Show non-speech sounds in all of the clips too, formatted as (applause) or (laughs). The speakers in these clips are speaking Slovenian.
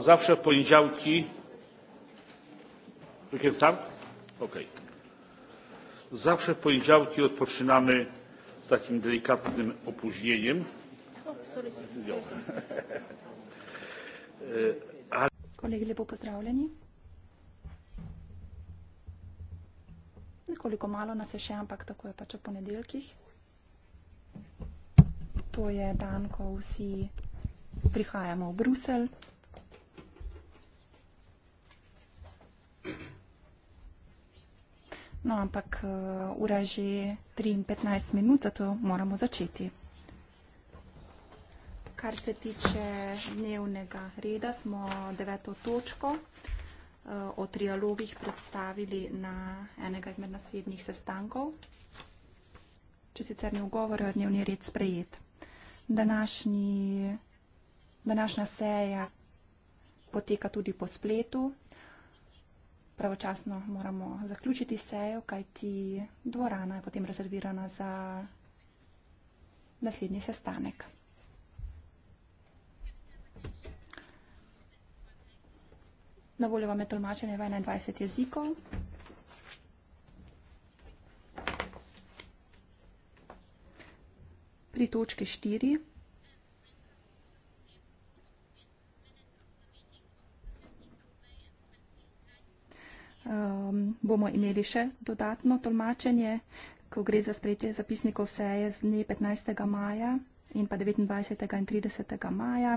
zawsze w poniedziałki zawsze w poniedziałki odpoczynamy z takim delikatnym opóźnieniem Kolegi lepo pozdravljeni. Nekoliko malo nas je še, ampak tako je pač v ponedeljkih. To je dan, ko vsi prihajamo v Bruselj. No, ampak uh, ura je že 3,15 minut, zato moramo začeti. Kar se tiče dnevnega reda, smo deveto točko uh, o trialogih predstavili na enega izmed naslednjih sestankov. Če sicer ne ugovorijo, je dnevni red sprejet. Današnji, današnja seja poteka tudi po spletu, pravočasno moramo zaključiti sejo, kajti dvorana je potem rezervirana za naslednji sestanek. Na voljo vam je tolmačenje v 21 jezikov. Pri točki 4. um, bomo imeli še dodatno tolmačenje, ko gre za sprejetje zapisnikov seje z dne 15. maja in pa 29. in 30. maja.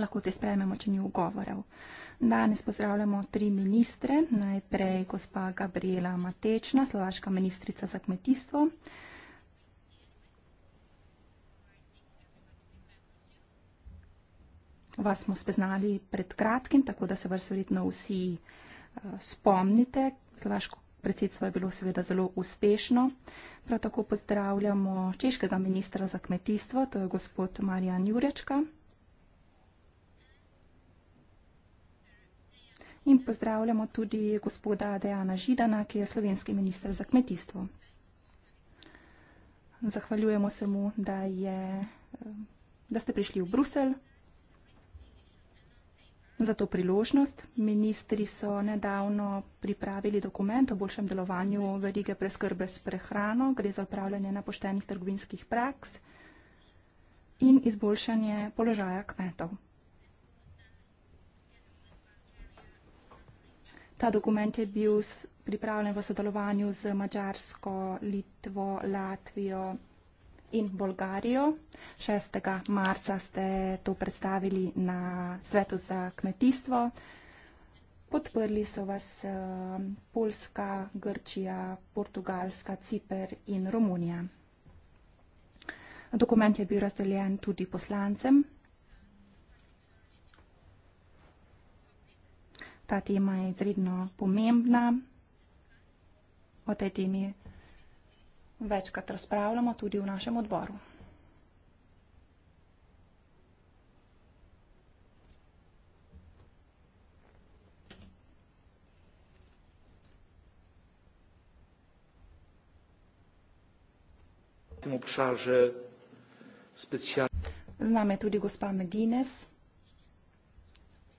Lahko te sprejmemo, če ni ugovorov. Danes pozdravljamo tri ministre. Najprej gospa Gabriela Matečna, slovaška ministrica za kmetijstvo. Vas smo spoznali pred kratkim, tako da se vas verjetno vsi uh, spomnite. Slovaško predsedstvo je bilo seveda zelo uspešno. Prav tako pozdravljamo češkega ministra za kmetijstvo, to je gospod Marjan Jurečka. In pozdravljamo tudi gospoda Dejana Židana, ki je slovenski minister za kmetijstvo. Zahvaljujemo se mu, da, je, da ste prišli v Bruselj za to priložnost. Ministri so nedavno pripravili dokument o boljšem delovanju verige preskrbe s prehrano, gre za upravljanje napoštenih trgovinskih praks in izboljšanje položaja kmetov. Ta dokument je bil pripravljen v sodelovanju z Mačarsko, Litvo, Latvijo in Bolgarijo. 6. marca ste to predstavili na Svetu za kmetijstvo. Podprli so vas eh, Poljska, Grčija, Portugalska, Ciper in Romunija. Dokument je bil razdeljen tudi poslancem. Ta tema je izredno pomembna. O tej temi večkrat razpravljamo tudi v našem odboru. Z nami je tudi gospa McGuinness,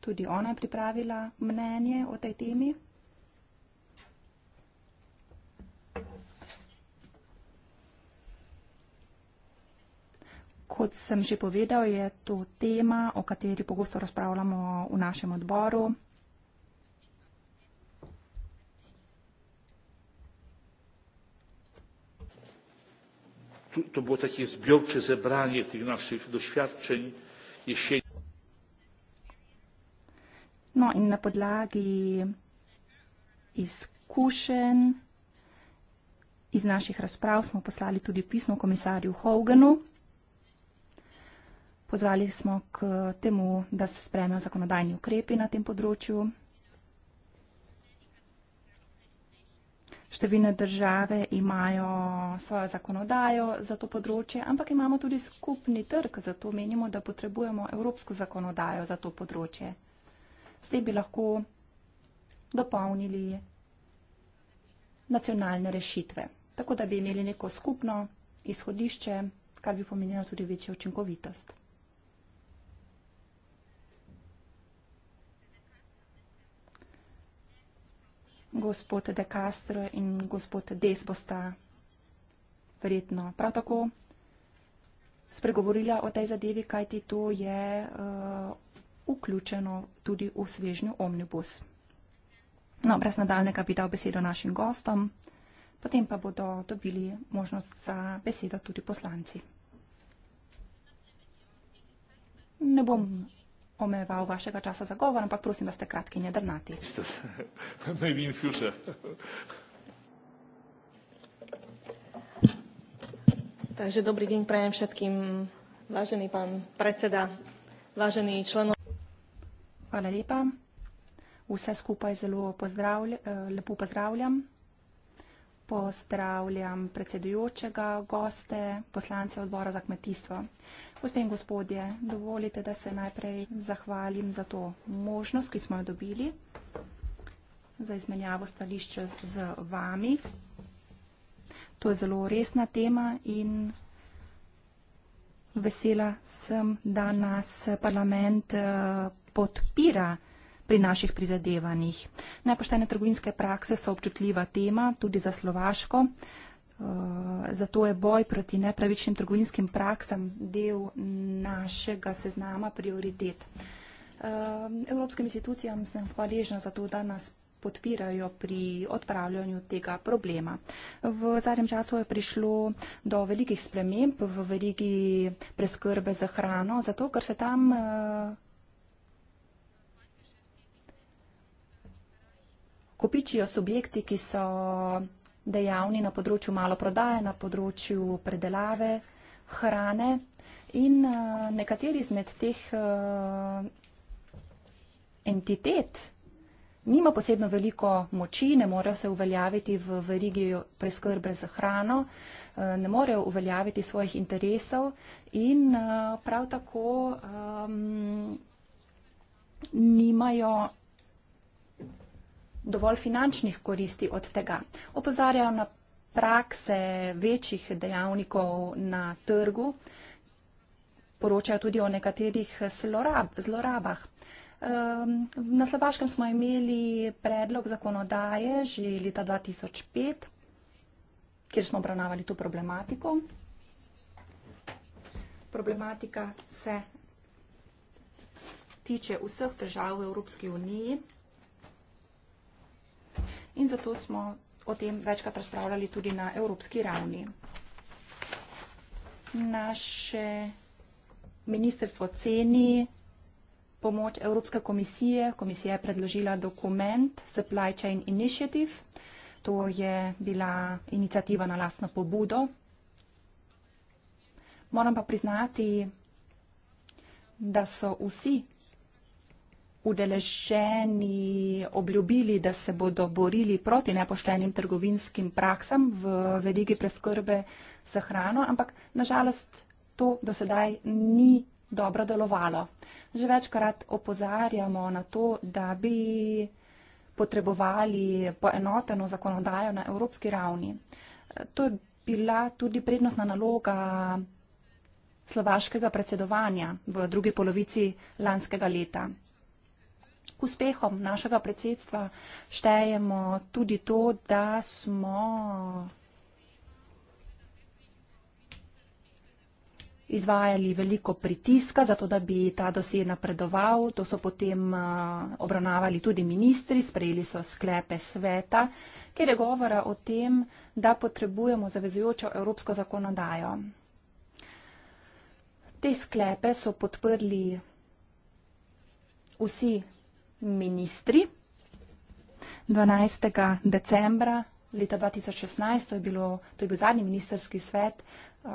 tudi ona je pripravila mnenje o tej temi. Kot sem že povedal, je to tema, o kateri pogosto razpravljamo v našem odboru. To bo tako zbirče zebranje teh naših doświadčen. No, in na podlagi izkušenj iz naših razprav smo poslali tudi pismo komisarju Hoganu. Pozvali smo k temu, da se spremejo zakonodajni ukrepi na tem področju. Številne države imajo svojo zakonodajo za to področje, ampak imamo tudi skupni trg, zato menimo, da potrebujemo evropsko zakonodajo za to področje. S tem bi lahko dopolnili nacionalne rešitve, tako da bi imeli neko skupno izhodišče, kar bi pomenilo tudi večjo učinkovitost. gospod De Castro in gospod Des bosta verjetno prav tako spregovorila o tej zadevi, kajti to je uh, vključeno tudi v svežnju omnibus. No, brez nadaljnega bi dal besedo našim gostom, potem pa bodo dobili možnost za besedo tudi poslanci. Ne bom omejeval vašega časa za govor, ampak prosim, da ste kratki in jedrnati. (laughs) Takže dobrý deň prajem všetkým, vážený pán predseda, vážení členov. Hvala lepa. Vse skupaj zelo pozdravlj, eh, lepo pozdravljam. Pozdravljam predsedujočega, goste, poslance odbora za kmetijstvo. Gospe in gospodje, dovolite, da se najprej zahvalim za to možnost, ki smo jo dobili za izmenjavo stališča z vami. To je zelo resna tema in vesela sem, da nas parlament eh, podpira pri naših prizadevanjih. Nepoštene trgovinske prakse so občutljiva tema, tudi za Slovaško. Eh, zato je boj proti nepravičnim trgovinskim praksam del našega seznama prioritet. Eh, evropskim institucijam sem hvaležna za to, da nas podpirajo pri odpravljanju tega problema. V zadnjem času je prišlo do velikih sprememb v verigi preskrbe za hrano, zato ker se tam eh, kopičijo subjekti, ki so dejavni na področju maloprodaje, na področju predelave hrane in eh, nekateri izmed teh eh, entitet nima posebno veliko moči, ne morejo se uveljaviti v verigi preskrbe z hrano, eh, ne morejo uveljaviti svojih interesov in prav tako ehm, nimajo dovolj finančnih koristi od tega. Opozarjajo na prakse večjih dejavnikov na trgu, poročajo tudi o nekaterih zlorab, zlorabah. Ehm, na Slovaškem smo imeli predlog zakonodaje že leta 2005, kjer smo obravnavali to problematiko. Problematika se tiče vseh držav v Evropski uniji. In zato smo o tem večkrat razpravljali tudi na evropski ravni. Naše ministrstvo ceni pomoč Evropske komisije. Komisija je predložila dokument Supply Chain Initiative. To je bila inicijativa na lastno pobudo. Moram pa priznati, da so vsi udeleženi obljubili, da se bodo borili proti nepoštenim trgovinskim praksam v verigi preskrbe z hrano, ampak nažalost to do sedaj ni dobro delovalo. Že večkrat opozarjamo na to, da bi potrebovali poenoteno zakonodajo na evropski ravni. To je bila tudi prednostna naloga slovaškega predsedovanja v drugi polovici lanskega leta k uspehom našega predsedstva štejemo tudi to, da smo izvajali veliko pritiska, zato da bi ta dosed napredoval. To so potem obravnavali tudi ministri, sprejeli so sklepe sveta, kjer je govora o tem, da potrebujemo zavezujočo evropsko zakonodajo. Te sklepe so podprli vsi ministri. 12. decembra leta 2016, to je, bilo, to je bil zadnji ministerski svet uh,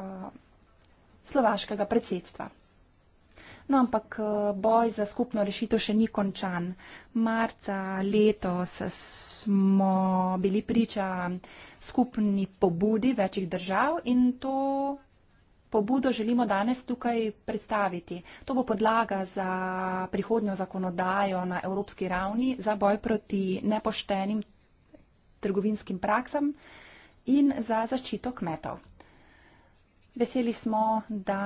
slovaškega predsedstva. No, ampak uh, boj za skupno rešitev še ni končan. Marca letos smo bili priča skupni pobudi večjih držav in to pobudo želimo danes tukaj predstaviti. To bo podlaga za prihodnjo zakonodajo na evropski ravni za boj proti nepoštenim trgovinskim praksam in za zaščito kmetov. Veseli smo, da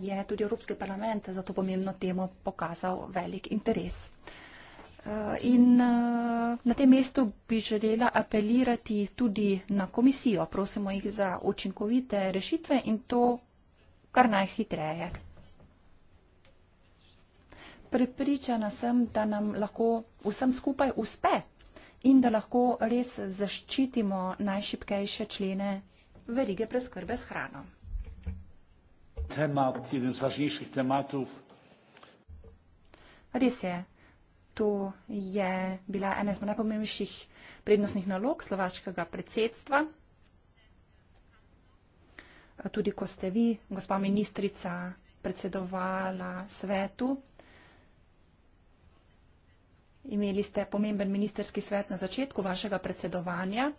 je tudi Evropski parlament za to pomembno temo pokazal velik interes. Eh, in eh, na tem mestu bi želela apelirati tudi na komisijo. Prosimo jih za učinkovite rešitve in to kar najhitreje. Pripričana sem, da nam lahko vsem skupaj uspe in da lahko res zaščitimo najšipkejše člene verige preskrbe s hrano. Temat, eden z važnejših tematov. Res je, to je bila ena iz najpomembnejših prednostnih nalog slovaškega predsedstva tudi ko ste vi, gospa ministrica, predsedovala svetu. Imeli ste pomemben ministerski svet na začetku vašega predsedovanja.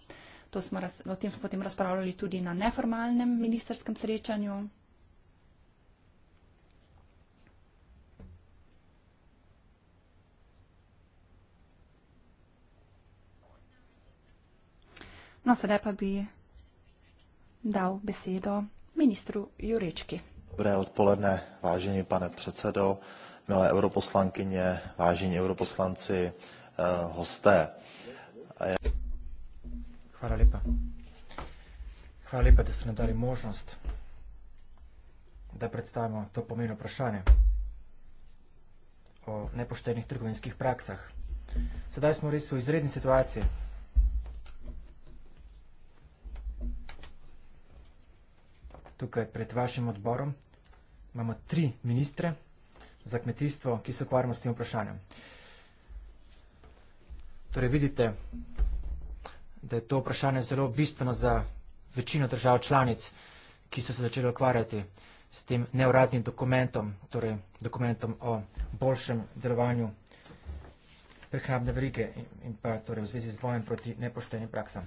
To smo raz, o tem smo potem razpravljali tudi na neformalnem ministerskem srečanju. No, sedaj pa bi dal besedo ministru Jurečki. Dobré odpoledne, vážený pane předsedo, milé europoslankyně, vážení europoslanci, eh, hosté. Hvala lepa. Hvala lepa, da ste nam dali možnost, da predstavimo to pomembno vprašanje o nepoštenih trgovinskih praksah. Sedaj smo res v izredni situaciji, tukaj pred vašim odborom. Imamo tri ministre za kmetijstvo, ki se ukvarjamo s tem vprašanjem. Torej vidite, da je to vprašanje zelo bistveno za večino držav članic, ki so se začeli ukvarjati s tem neuradnim dokumentom, torej dokumentom o boljšem delovanju prehrambne verige in pa torej v zvezi z bojem proti nepoštenim praksam.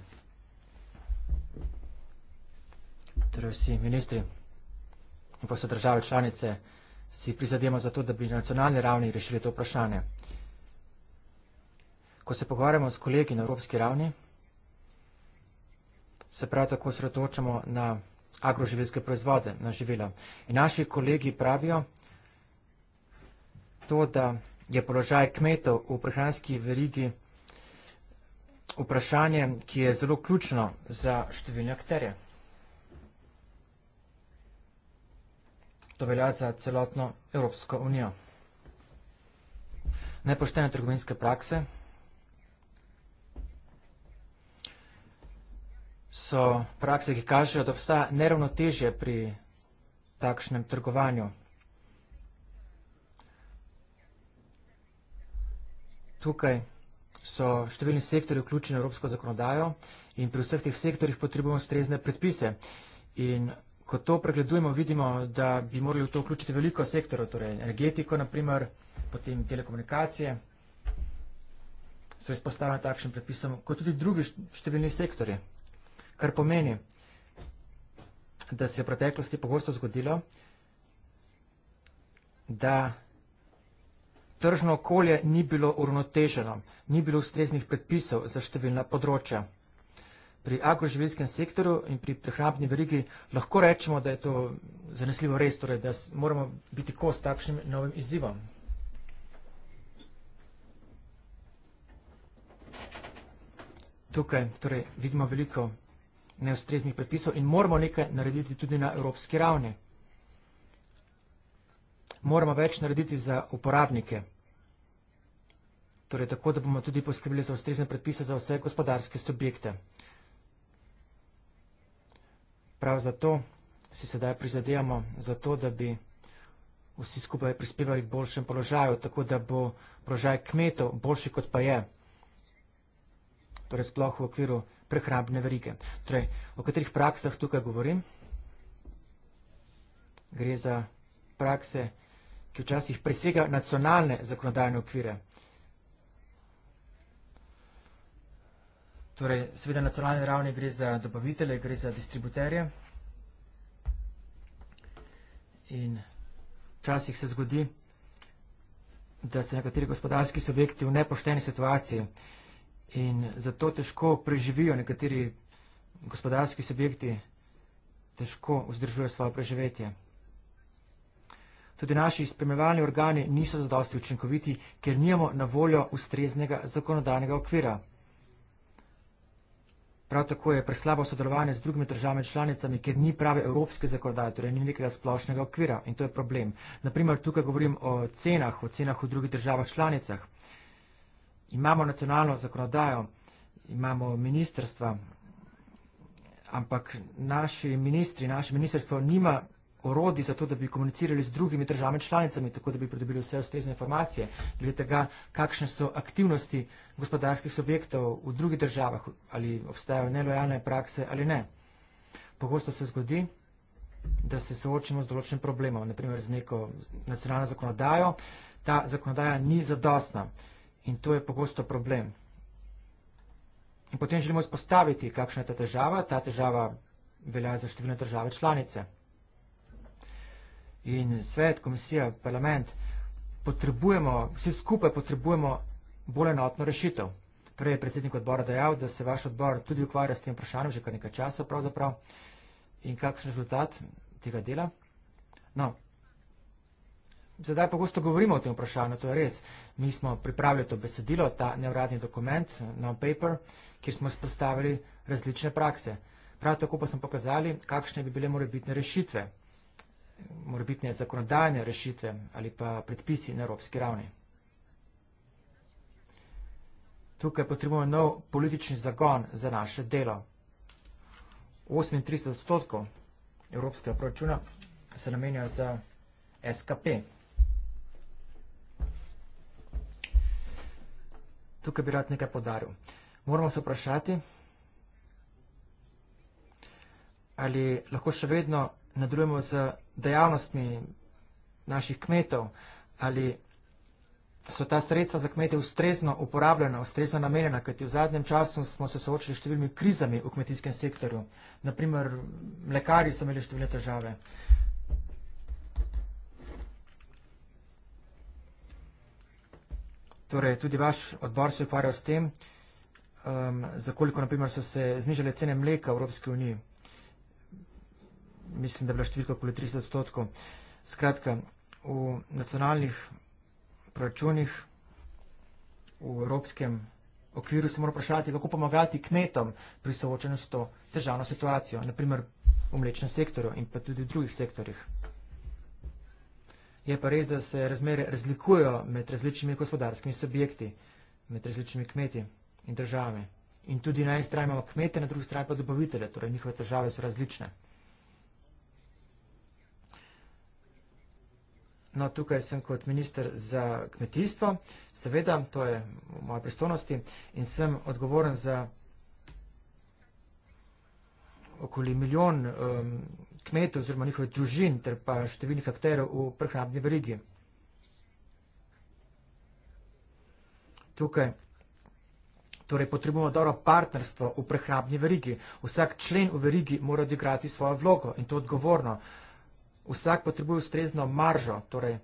torej vsi ministri in pa so države članice, si prizademo za to, da bi na nacionalni ravni rešili to vprašanje. Ko se pogovarjamo s kolegi na evropski ravni, se prav tako sredočamo na agroživilske proizvode, na živila. In naši kolegi pravijo to, da je položaj kmetov v prehranski verigi vprašanje, ki je zelo ključno za številne akterje. To velja za celotno Evropsko unijo. Nepoštene trgovinske prakse so prakse, ki kažejo, da obstaja neravnotežje pri takšnem trgovanju. Tukaj so številni sektori vključeni v Evropsko zakonodajo in pri vseh teh sektorjih potrebujemo strezne predpise. In ko to pregledujemo, vidimo, da bi morali v to vključiti veliko sektorov, torej energetiko naprimer, potem telekomunikacije, so izpostavljena takšnim predpisom, kot tudi drugi številni sektori, kar pomeni, da se je v preteklosti pogosto zgodilo, da tržno okolje ni bilo uravnoteženo, ni bilo ustreznih predpisov za številna področja pri agroživljenjskem sektoru in pri prehrambni verigi lahko rečemo, da je to zanesljivo res, torej, da moramo biti kos takšnim novim izzivom. Tukaj torej, vidimo veliko neustreznih predpisov in moramo nekaj narediti tudi na evropski ravni. Moramo več narediti za uporabnike. Torej, tako da bomo tudi poskrbili za ustrezne predpise za vse gospodarske subjekte. Prav zato si sedaj prizadevamo za to, da bi vsi skupaj prispevali k boljšem položaju, tako da bo položaj kmetov boljši, kot pa je. Torej sploh v okviru prehrambne verige. Torej, o katerih praksah tukaj govorim? Gre za prakse, ki včasih presega nacionalne zakonodajne okvire. Torej, seveda na nacionalni ravni gre za dobavitele, gre za distributerje. In včasih se zgodi, da so nekateri gospodarski subjekti v nepošteni situaciji in zato težko preživijo nekateri gospodarski subjekti, težko vzdržujejo svoje preživetje. Tudi naši spremljevalni organi niso zadosti učinkoviti, ker nijemo na voljo ustreznega zakonodajnega okvira. Prav tako je preslabo sodelovanje z drugimi državami članicami, ker ni prave evropske zakonodaje, torej ni nekega splošnega okvira in to je problem. Naprimer, tukaj govorim o cenah, o cenah v drugih državah članicah. Imamo nacionalno zakonodajo, imamo ministrstva, ampak naši ministri, naše ministrstvo nima orodij za to, da bi komunicirali z drugimi državami članicami, tako da bi pridobili vse ustrezne informacije, glede tega, kakšne so aktivnosti gospodarskih subjektov v drugih državah, ali obstajajo nelojalne prakse ali ne. Pogosto se zgodi, da se soočimo z določenim problemom, naprimer z neko nacionalno zakonodajo. Ta zakonodaja ni zadostna in to je pogosto problem. In potem želimo izpostaviti, kakšna je ta težava. Ta težava velja za številne države članice in svet, komisija, parlament, potrebujemo, vsi skupaj potrebujemo bolj enotno rešitev. Prej je predsednik odbora dejal, da se vaš odbor tudi ukvarja s tem vprašanjem, že kar nekaj časa pravzaprav. In kakšen rezultat tega dela? No, zdaj pogosto govorimo o tem vprašanju, to je res. Mi smo pripravili to besedilo, ta neuradni dokument, non-paper, kjer smo spostavili različne prakse. Prav tako pa smo pokazali, kakšne bi bile morebitne rešitve morbitne zakonodajne rešitve ali pa predpisi na evropski ravni. Tukaj potrebujemo nov politični zagon za naše delo. 38 odstotkov evropskega proračuna se namenja za SKP. Tukaj bi rad nekaj podaril. Moramo se vprašati, ali lahko še vedno nadrujemo z dejavnostmi naših kmetov, ali so ta sredstva za kmete ustrezno uporabljena, ustrezno namenjena, kajti v zadnjem času smo se soočili s številnimi krizami v kmetijskem sektorju. Naprimer, mlekari so imeli številne težave. Torej, tudi vaš odbor se je ukvarjal s tem, um, zakoliko, naprimer, so se znižale cene mleka v Evropski uniji mislim, da je bila številka okoli 300 odstotkov. Skratka, v nacionalnih proračunih, v evropskem okviru se mora vprašati, kako pomagati kmetom pri soočanju s to težavno situacijo, naprimer v mlečnem sektorju in pa tudi v drugih sektorjih. Je pa res, da se razmere razlikujejo med različnimi gospodarskimi subjekti, med različnimi kmeti in državami. In tudi na eni strani imamo kmete, na drugi strani pa dobavitele, torej njihove težave so različne. No, tukaj sem kot minister za kmetijstvo, seveda, to je moja pristojnosti in sem odgovoren za okoli milijon um, kmetov oziroma njihovih družin ter pa številnih akterov v prehrambni verigi. Tukaj torej potrebujemo dobro partnerstvo v prehrambni verigi. Vsak člen v verigi mora odigrati svojo vlogo in to odgovorno. Uh, vsak potrebuje ustrezno maržo, torej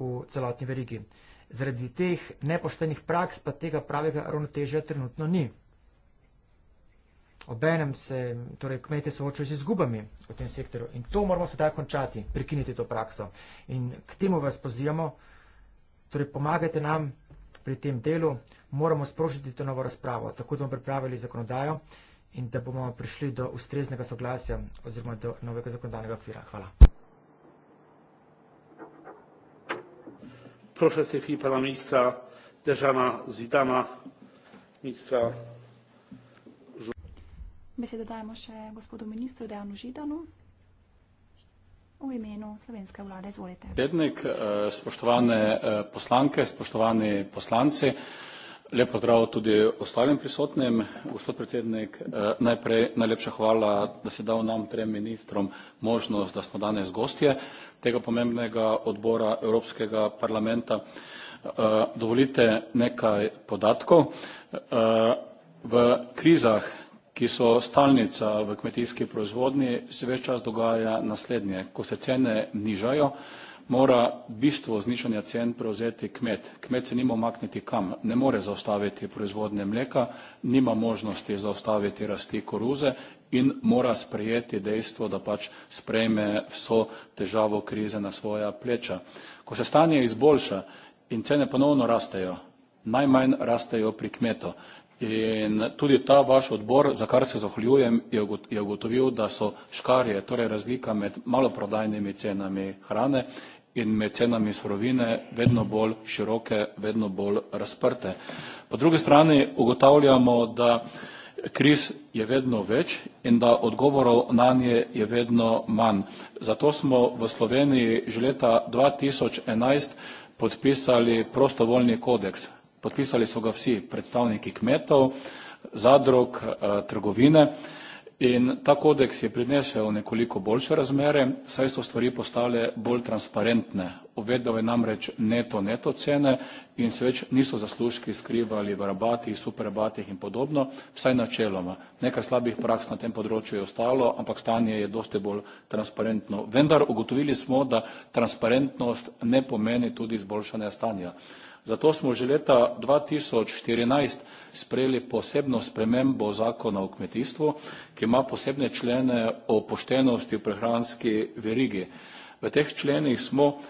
v celotni verigi. Zaradi teh nepoštenih praks pa tega pravega ravnotežja trenutno ni. Obenem se torej, kmetje soočajo z izgubami v tem sektorju in to moramo sedaj končati, prekiniti to prakso. In k temu vas pozivamo, torej pomagajte nam pri tem delu, moramo sprožiti to novo razpravo, tako da bomo pripravili zakonodajo in da bomo prišli do ustreznega soglasja oziroma do novega zakonodajnega okvira. Hvala. Prošel se fi pana ministra Dežana Zidana, ministra Besedo dajemo še gospodu ministru Dejanu Židanu v imenu slovenske vlade. Izvolite. Dednik, eh, spoštovane eh, poslanke, spoštovani poslanci. Lep pozdrav tudi ostalim prisotnim, gospod predsednik. Eh, najprej najlepša hvala, da si dal nam, trem ministrom, možnost, da smo danes gostje tega pomembnega odbora Evropskega parlamenta. Eh, dovolite nekaj podatkov. Eh, v krizah, ki so stalnica v kmetijski proizvodnji, se ves čas dogaja naslednje. Ko se cene nižajo, mora bistvo znižanja cen prevzeti kmet. Kmet se nima omakniti kam, ne more zaustaviti proizvodnje mleka, nima možnosti zaustaviti rasti koruze in mora sprejeti dejstvo, da pač sprejme vso težavo krize na svoja pleča. Ko se stanje izboljša in cene ponovno rastejo, najmanj rastejo pri kmetu. In tudi ta vaš odbor, za kar se zahvaljujem, je ugotovil, da so škarje, torej razlika med maloprodajnimi cenami hrane in med cenami surovine vedno bolj široke, vedno bolj razprte. Po drugi strani ugotavljamo, da kriz je vedno več in da odgovorov na nje je vedno manj. Zato smo v Sloveniji že leta 2011 podpisali prostovoljni kodeks. Podpisali so ga vsi predstavniki kmetov, zadrug, eh, trgovine. In ta kodeks je prinesel nekoliko boljše razmere, saj so stvari postale bolj transparentne. Uvedel je namreč neto-neto cene in se več niso zaslužki skrivali v rabatih, superrabatih in podobno, vsaj načeloma. Nekaj slabih praks na tem področju je ostalo, ampak stanje je dosti bolj transparentno. Vendar ugotovili smo, da transparentnost ne pomeni tudi izboljšanja stanja. Zato smo že leta 2014 sprejeli posebno spremembo zakona o kmetijstvu, ki ima posebne člene o poštenosti v prehranski verigi. V teh členih smo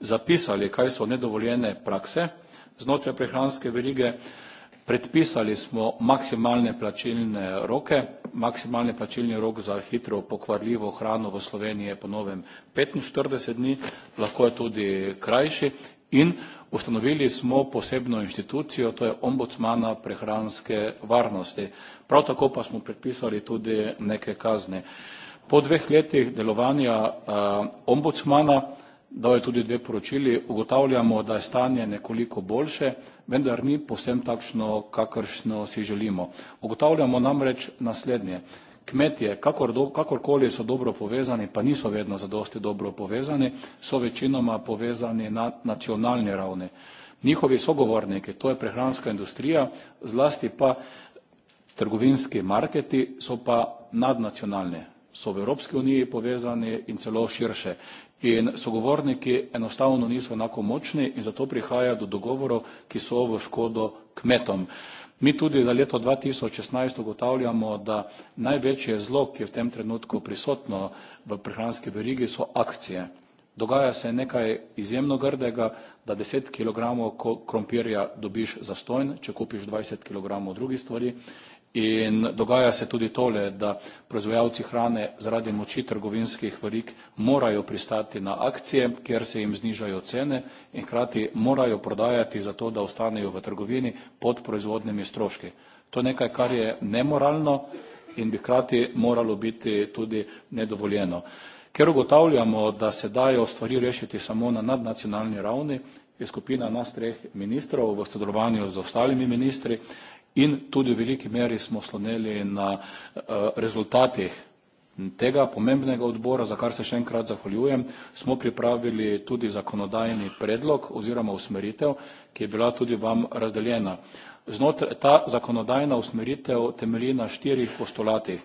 zapisali, kaj so nedovoljene prakse znotraj prehranske verige, predpisali smo maksimalne plačilne roke, maksimalni plačilni rok za hitro pokvarljivo hrano v Sloveniji je po novem 45 dni, lahko je tudi krajši in Ustanovili smo posebno inštitucijo, to je ombudsmana prehranske varnosti. Prav tako pa smo predpisali tudi neke kazne. Po dveh letih delovanja eh, ombudsmana, dal je tudi dve poročili, ugotavljamo, da je stanje nekoliko boljše, vendar ni povsem takšno, kakršno si želimo. Ugotavljamo namreč naslednje kmetje, kakor do, kakorkoli so dobro povezani, pa niso vedno zadosti dobro povezani, so večinoma povezani na nacionalni ravni. Njihovi sogovorniki, to je prehranska industrija, zlasti pa trgovinski marketi so pa nadnacionalni, so v Evropski uniji povezani in celo širše. In sogovorniki enostavno niso enako močni in zato prihaja do dogovorov, ki so v škodo kmetom. Uh, Mi tudi za leto 2016 ugotavljamo, da največje zlo, ki je v tem trenutku prisotno v prehranski verigi, so akcije. Dogaja se nekaj izjemno grdega, da 10 kg krompirja dobiš za stojn, če kupiš 20 kg drugih stvari In dogaja se tudi tole, da proizvajalci hrane zaradi moči trgovinskih verik morajo pristati na akcije, kjer se jim znižajo cene in hkrati morajo prodajati za to, da ostanejo v trgovini pod proizvodnimi stroški. To je nekaj, kar je nemoralno in bi hkrati moralo biti tudi nedovoljeno. Ker ugotavljamo, da se dajo stvari rešiti samo na nadnacionalni ravni, je skupina nas treh ministrov v sodelovanju z ostalimi ministri in tudi v veliki meri smo sloneli na eh, rezultatih tega pomembnega odbora, za kar se še enkrat zahvaljujem, smo pripravili tudi zakonodajni predlog oziroma usmeritev, ki je bila tudi vam razdeljena. Znotraj ta zakonodajna usmeritev temelji na štirih postulatih.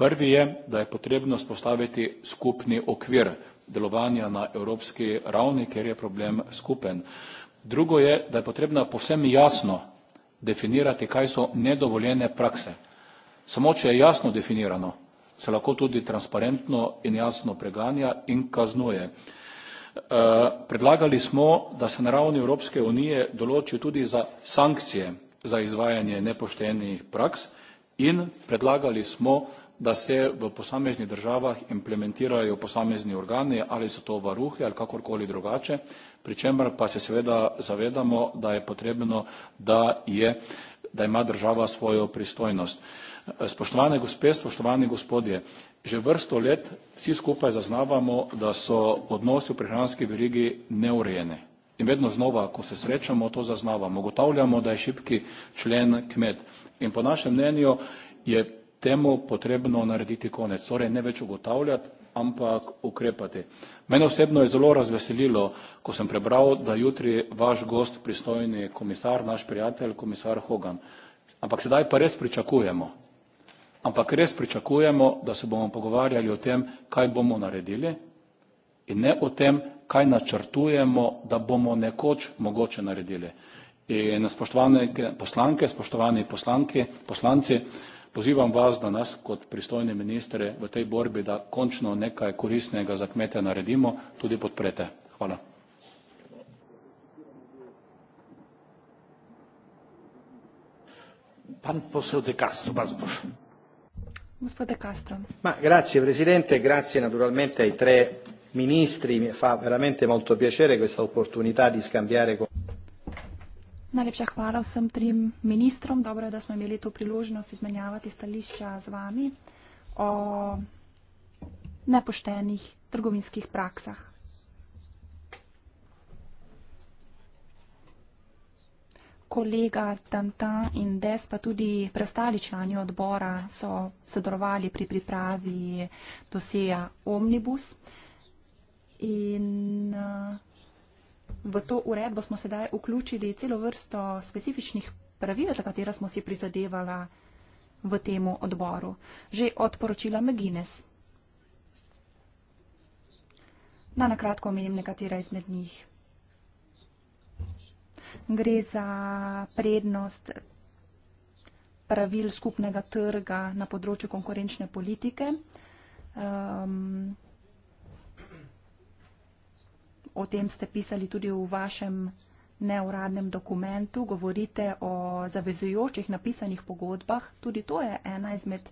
Prvi je, da je potrebno spostaviti skupni okvir delovanja na evropski ravni, ker je problem skupen. Drugo je, da je potrebna povsem jasno definirati, kaj so nedovoljene prakse. Samo če je jasno definirano, se lahko tudi transparentno in jasno preganja in kaznuje. Eh, predlagali smo, da se na ravni Evropske unije določi tudi za sankcije za izvajanje nepoštenih praks in predlagali smo, da se v posameznih državah implementirajo posamezni organi, ali so to varuhi ali kakorkoli drugače, pri čemer pa se seveda zavedamo, da je potrebno, da, je, da ima država svojo pristojnost. Spoštovane gospe, spoštovani gospodje, že vrsto let vsi skupaj zaznavamo, da so odnosi v prehranski verigi neurejene. In vedno znova, ko se srečamo, to zaznavamo. Ugotavljamo, da je šipki člen kmet. In po našem mnenju je temu potrebno narediti konec. Torej, ne več ugotavljati, ampak ukrepati. Mene osebno je zelo razveselilo, ko sem prebral, da jutri vaš gost, pristojni komisar, naš prijatelj, komisar Hogan. Ampak sedaj pa res pričakujemo, ampak res pričakujemo, da se bomo pogovarjali o tem, kaj bomo naredili in ne o tem, kaj načrtujemo, da bomo nekoč mogoče naredili. In spoštovane poslanke, spoštovani poslanki, poslanci, pozivam vas, da nas kot pristojne ministre v tej borbi, da končno nekaj koristnega za kmete naredimo, tudi podprete. Hvala. Pan posel De Castro, vas prosim. Gospode Castro. Ma grazie Presidente, grazie naturalmente ai tre ministri, mi fa veramente molto piacere questa opportunità di scambiare con... Najlepša hvala vsem trim ministrom. Dobro je, da smo imeli to priložnost izmenjavati stališča z vami o nepoštenih trgovinskih praksah. Kolega Tantan in Des, pa tudi preostali člani odbora, so sodelovali pri pripravi dosija Omnibus. In, uh, V to uredbo smo sedaj vključili celo vrsto specifičnih pravil, za katera smo si prizadevala v temu odboru. Že od poročila McGuinness. Na nakratko omenim nekatera izmed njih. Gre za prednost pravil skupnega trga na področju konkurenčne politike. Um, o tem ste pisali tudi v vašem neuradnem dokumentu, govorite o zavezujočih napisanih pogodbah. Tudi to je ena izmed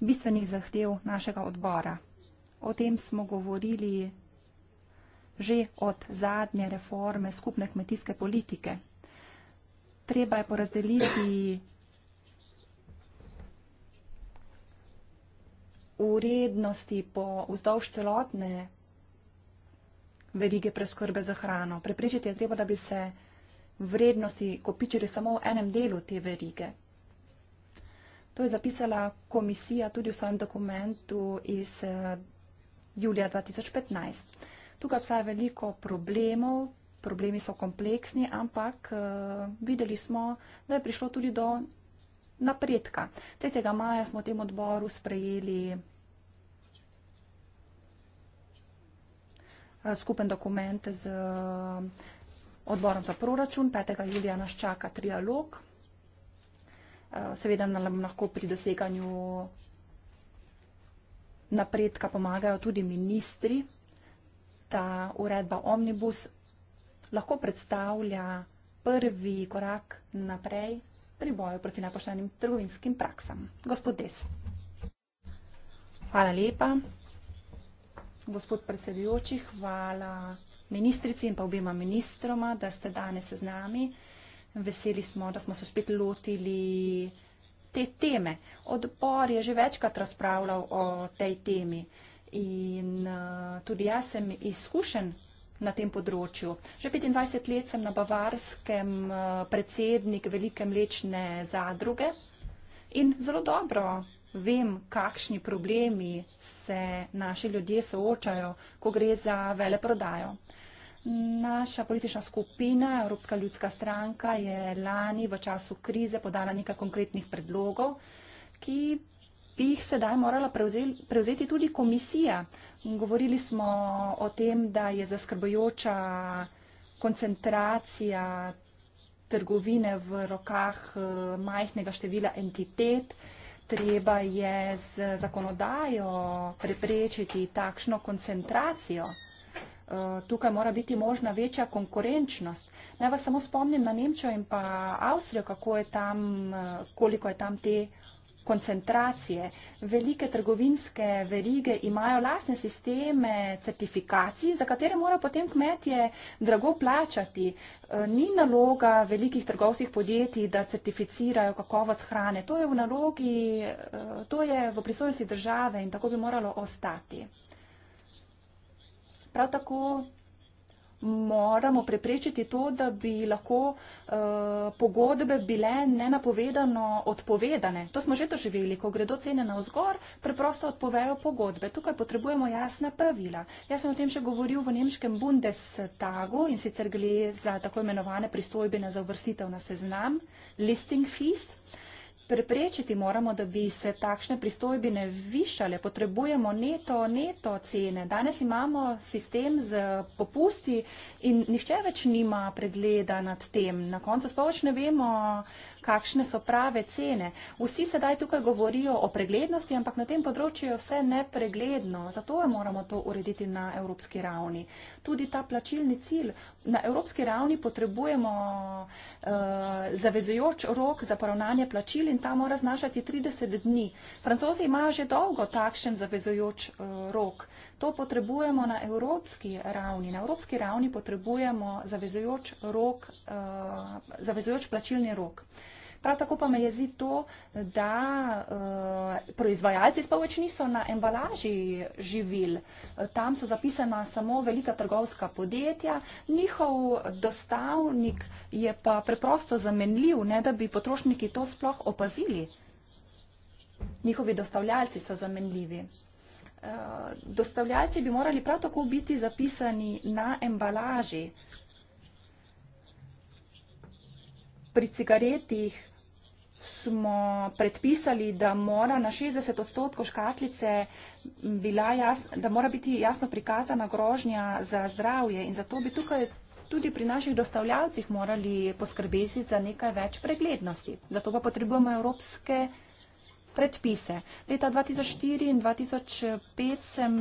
bistvenih zahtev našega odbora. O tem smo govorili že od zadnje reforme skupne kmetijske politike. Treba je porazdeliti urednosti (clears throat) po vzdolž celotne verige preskrbe za hrano. Preprečiti je treba, da bi se vrednosti kopičili samo v enem delu te verige. To je zapisala komisija tudi v svojem dokumentu iz eh, julija 2015. Tukaj obstaja veliko problemov, problemi so kompleksni, ampak eh, videli smo, da je prišlo tudi do napredka. 3. maja smo v tem odboru sprejeli Eh, skupen dokument z eh, odborom za proračun. 5. julija nas čaka trialog. Eh, seveda nam lahko pri doseganju napredka pomagajo tudi ministri. Ta uredba Omnibus lahko predstavlja prvi korak naprej pri boju proti nepoštenim trgovinskim praksam. Gospod Des. Hvala lepa. Gospod predsedujoči, hvala ministrici in pa obima ministroma, da ste danes z nami. Veseli smo, da smo se spet lotili te teme. Odbor je že večkrat razpravljal o tej temi in eh, tudi jaz sem izkušen na tem področju. Že 25 let sem na bavarskem eh, predsednik velike mlečne zadruge in zelo dobro vem, kakšni problemi se naši ljudje soočajo, ko gre za veleprodajo. Naša politična skupina, Evropska ljudska stranka, je lani v času krize podala nekaj konkretnih predlogov, ki bi jih sedaj morala prevzeti tudi komisija. Govorili smo o tem, da je zaskrbojoča koncentracija trgovine v rokah eh, majhnega števila entitet treba je z zakonodajo preprečiti takšno koncentracijo. Eh, tukaj mora biti možna večja konkurenčnost. Naj vas samo spomnim na Nemčijo in pa Avstrijo, kako je tam, eh, koliko je tam te koncentracije. Velike trgovinske verige imajo lastne sisteme certifikacij, za katere mora potem kmetje drago plačati. E, ni naloga velikih trgovskih podjetij, da certificirajo kakovost hrane. To je v nalogi, e, to je v pristojnosti države in tako bi moralo ostati. Prav tako moramo preprečiti to, da bi lahko uh, pogodbe bile nenapovedano odpovedane. To smo že doživeli, ko gredo cene na vzgor, preprosto odpovejo pogodbe. Tukaj potrebujemo jasna pravila. Jaz sem o tem še govoril v nemškem Bundestagu in sicer gre za tako imenovane pristojbine za uvrstitev na seznam, listing fees. Uh, Preprečiti moramo, da bi se takšne pristojbine višale. Potrebujemo neto, neto cene. Danes imamo sistem z popusti in nihče več nima pregleda nad tem. Na koncu sploh ne vemo, kakšne so prave cene. Vsi sedaj tukaj govorijo o preglednosti, ampak na tem področju je vse nepregledno. Zato je moramo to urediti na evropski ravni. Tudi ta plačilni cilj. Na evropski ravni potrebujemo uh, zavezujoč rok za poravnanje plačil in ta mora znašati 30 dni. Francozi imajo že dolgo takšen zavezujoč uh, rok. To potrebujemo na evropski ravni. Na evropski ravni potrebujemo zavezujoč, rok, uh, zavezujoč plačilni rok. Prav tako pa me jezi to, da uh, proizvajalci pa več niso na embalaži živil. Tam so zapisana samo velika trgovska podjetja, njihov dostavnik je pa preprosto zamenljiv, ne da bi potrošniki to sploh opazili. Njihovi dostavljalci so zamenljivi. Uh, dostavljalci bi morali prav tako biti zapisani na embalaži. Pri cigaretih smo predpisali, da mora na 60 odstotkov škatlice bila jasna, da mora biti jasno prikazana grožnja za zdravje in zato bi tukaj tudi pri naših dostavljavcih morali poskrbeti za nekaj več preglednosti. Zato pa potrebujemo evropske predpise. Leta 2004 in 2005 sem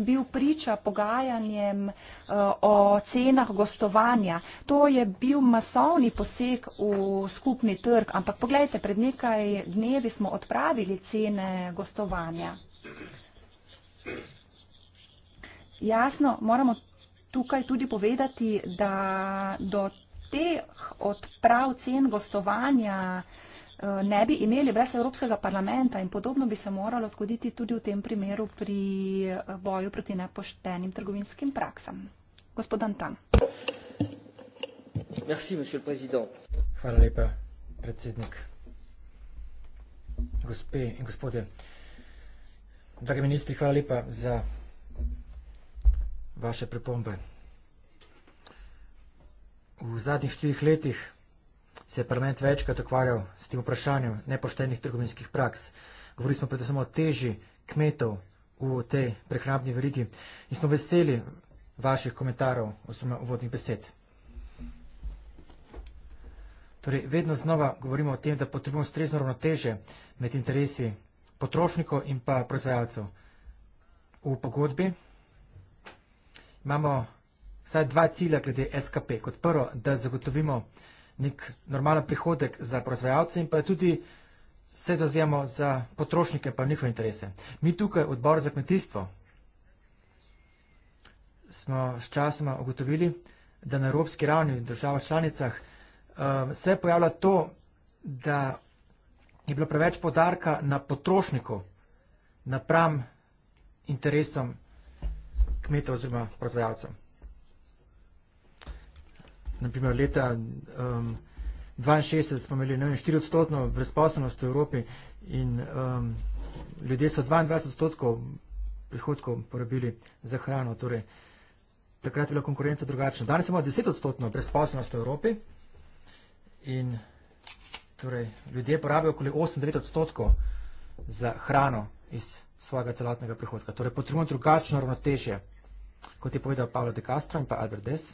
bil priča pogajanjem eh, o cenah gostovanja. To je bil masovni poseg v skupni trg, ampak pogledajte, pred nekaj dnevi smo odpravili cene gostovanja. Jasno, moramo tukaj tudi povedati, da do teh odprav cen gostovanja uh, Eh, ne bi imeli brez Evropskega parlamenta in podobno bi se moralo zgoditi tudi v tem primeru pri eh, boju proti nepoštenim trgovinskim praksam. Gospod Antan. Merci, Hvala lepa, predsednik. Gospe in gospode, dragi ministri, hvala lepa za vaše pripombe. V zadnjih štirih letih se je parlament večkrat ukvarjal s tem vprašanjem nepoštenih trgovinskih praks. Govorili smo predvsem o teži kmetov v tej prehrambni verigi in smo veseli vaših komentarjev oziroma uvodnih besed. Torej, vedno znova govorimo o tem, da potrebujemo strezno ravnoteže med interesi potrošnikov in pa proizvajalcev. V pogodbi imamo vsaj dva cilja glede SKP. Kot prvo, da zagotovimo nek normalen prihodek za proizvajalce in pa tudi se zauzemamo za potrošnike in njihove interese. Mi tukaj, odbor za kmetijstvo, smo s časom ugotovili, da na evropski ravni in državah članicah uh, se je pojavila to, da je bilo preveč podarka na potrošniku napram interesom kmetov oziroma proizvajalcev naprimer leta 1962 um, smo imeli vem, 4 odstotno brezposobnost v Evropi in um, ljudje so 22 odstotkov prihodkov porabili za hrano. Torej, takrat je bila konkurenca drugačna. Danes imamo 10 odstotno brezposobnost v Evropi in torej, ljudje porabijo okoli 8-9 odstotkov za hrano iz svojega celotnega prihodka. Torej potrebujemo drugačno ravnotežje, kot je povedal Pavel de Castro in pa Albert Dess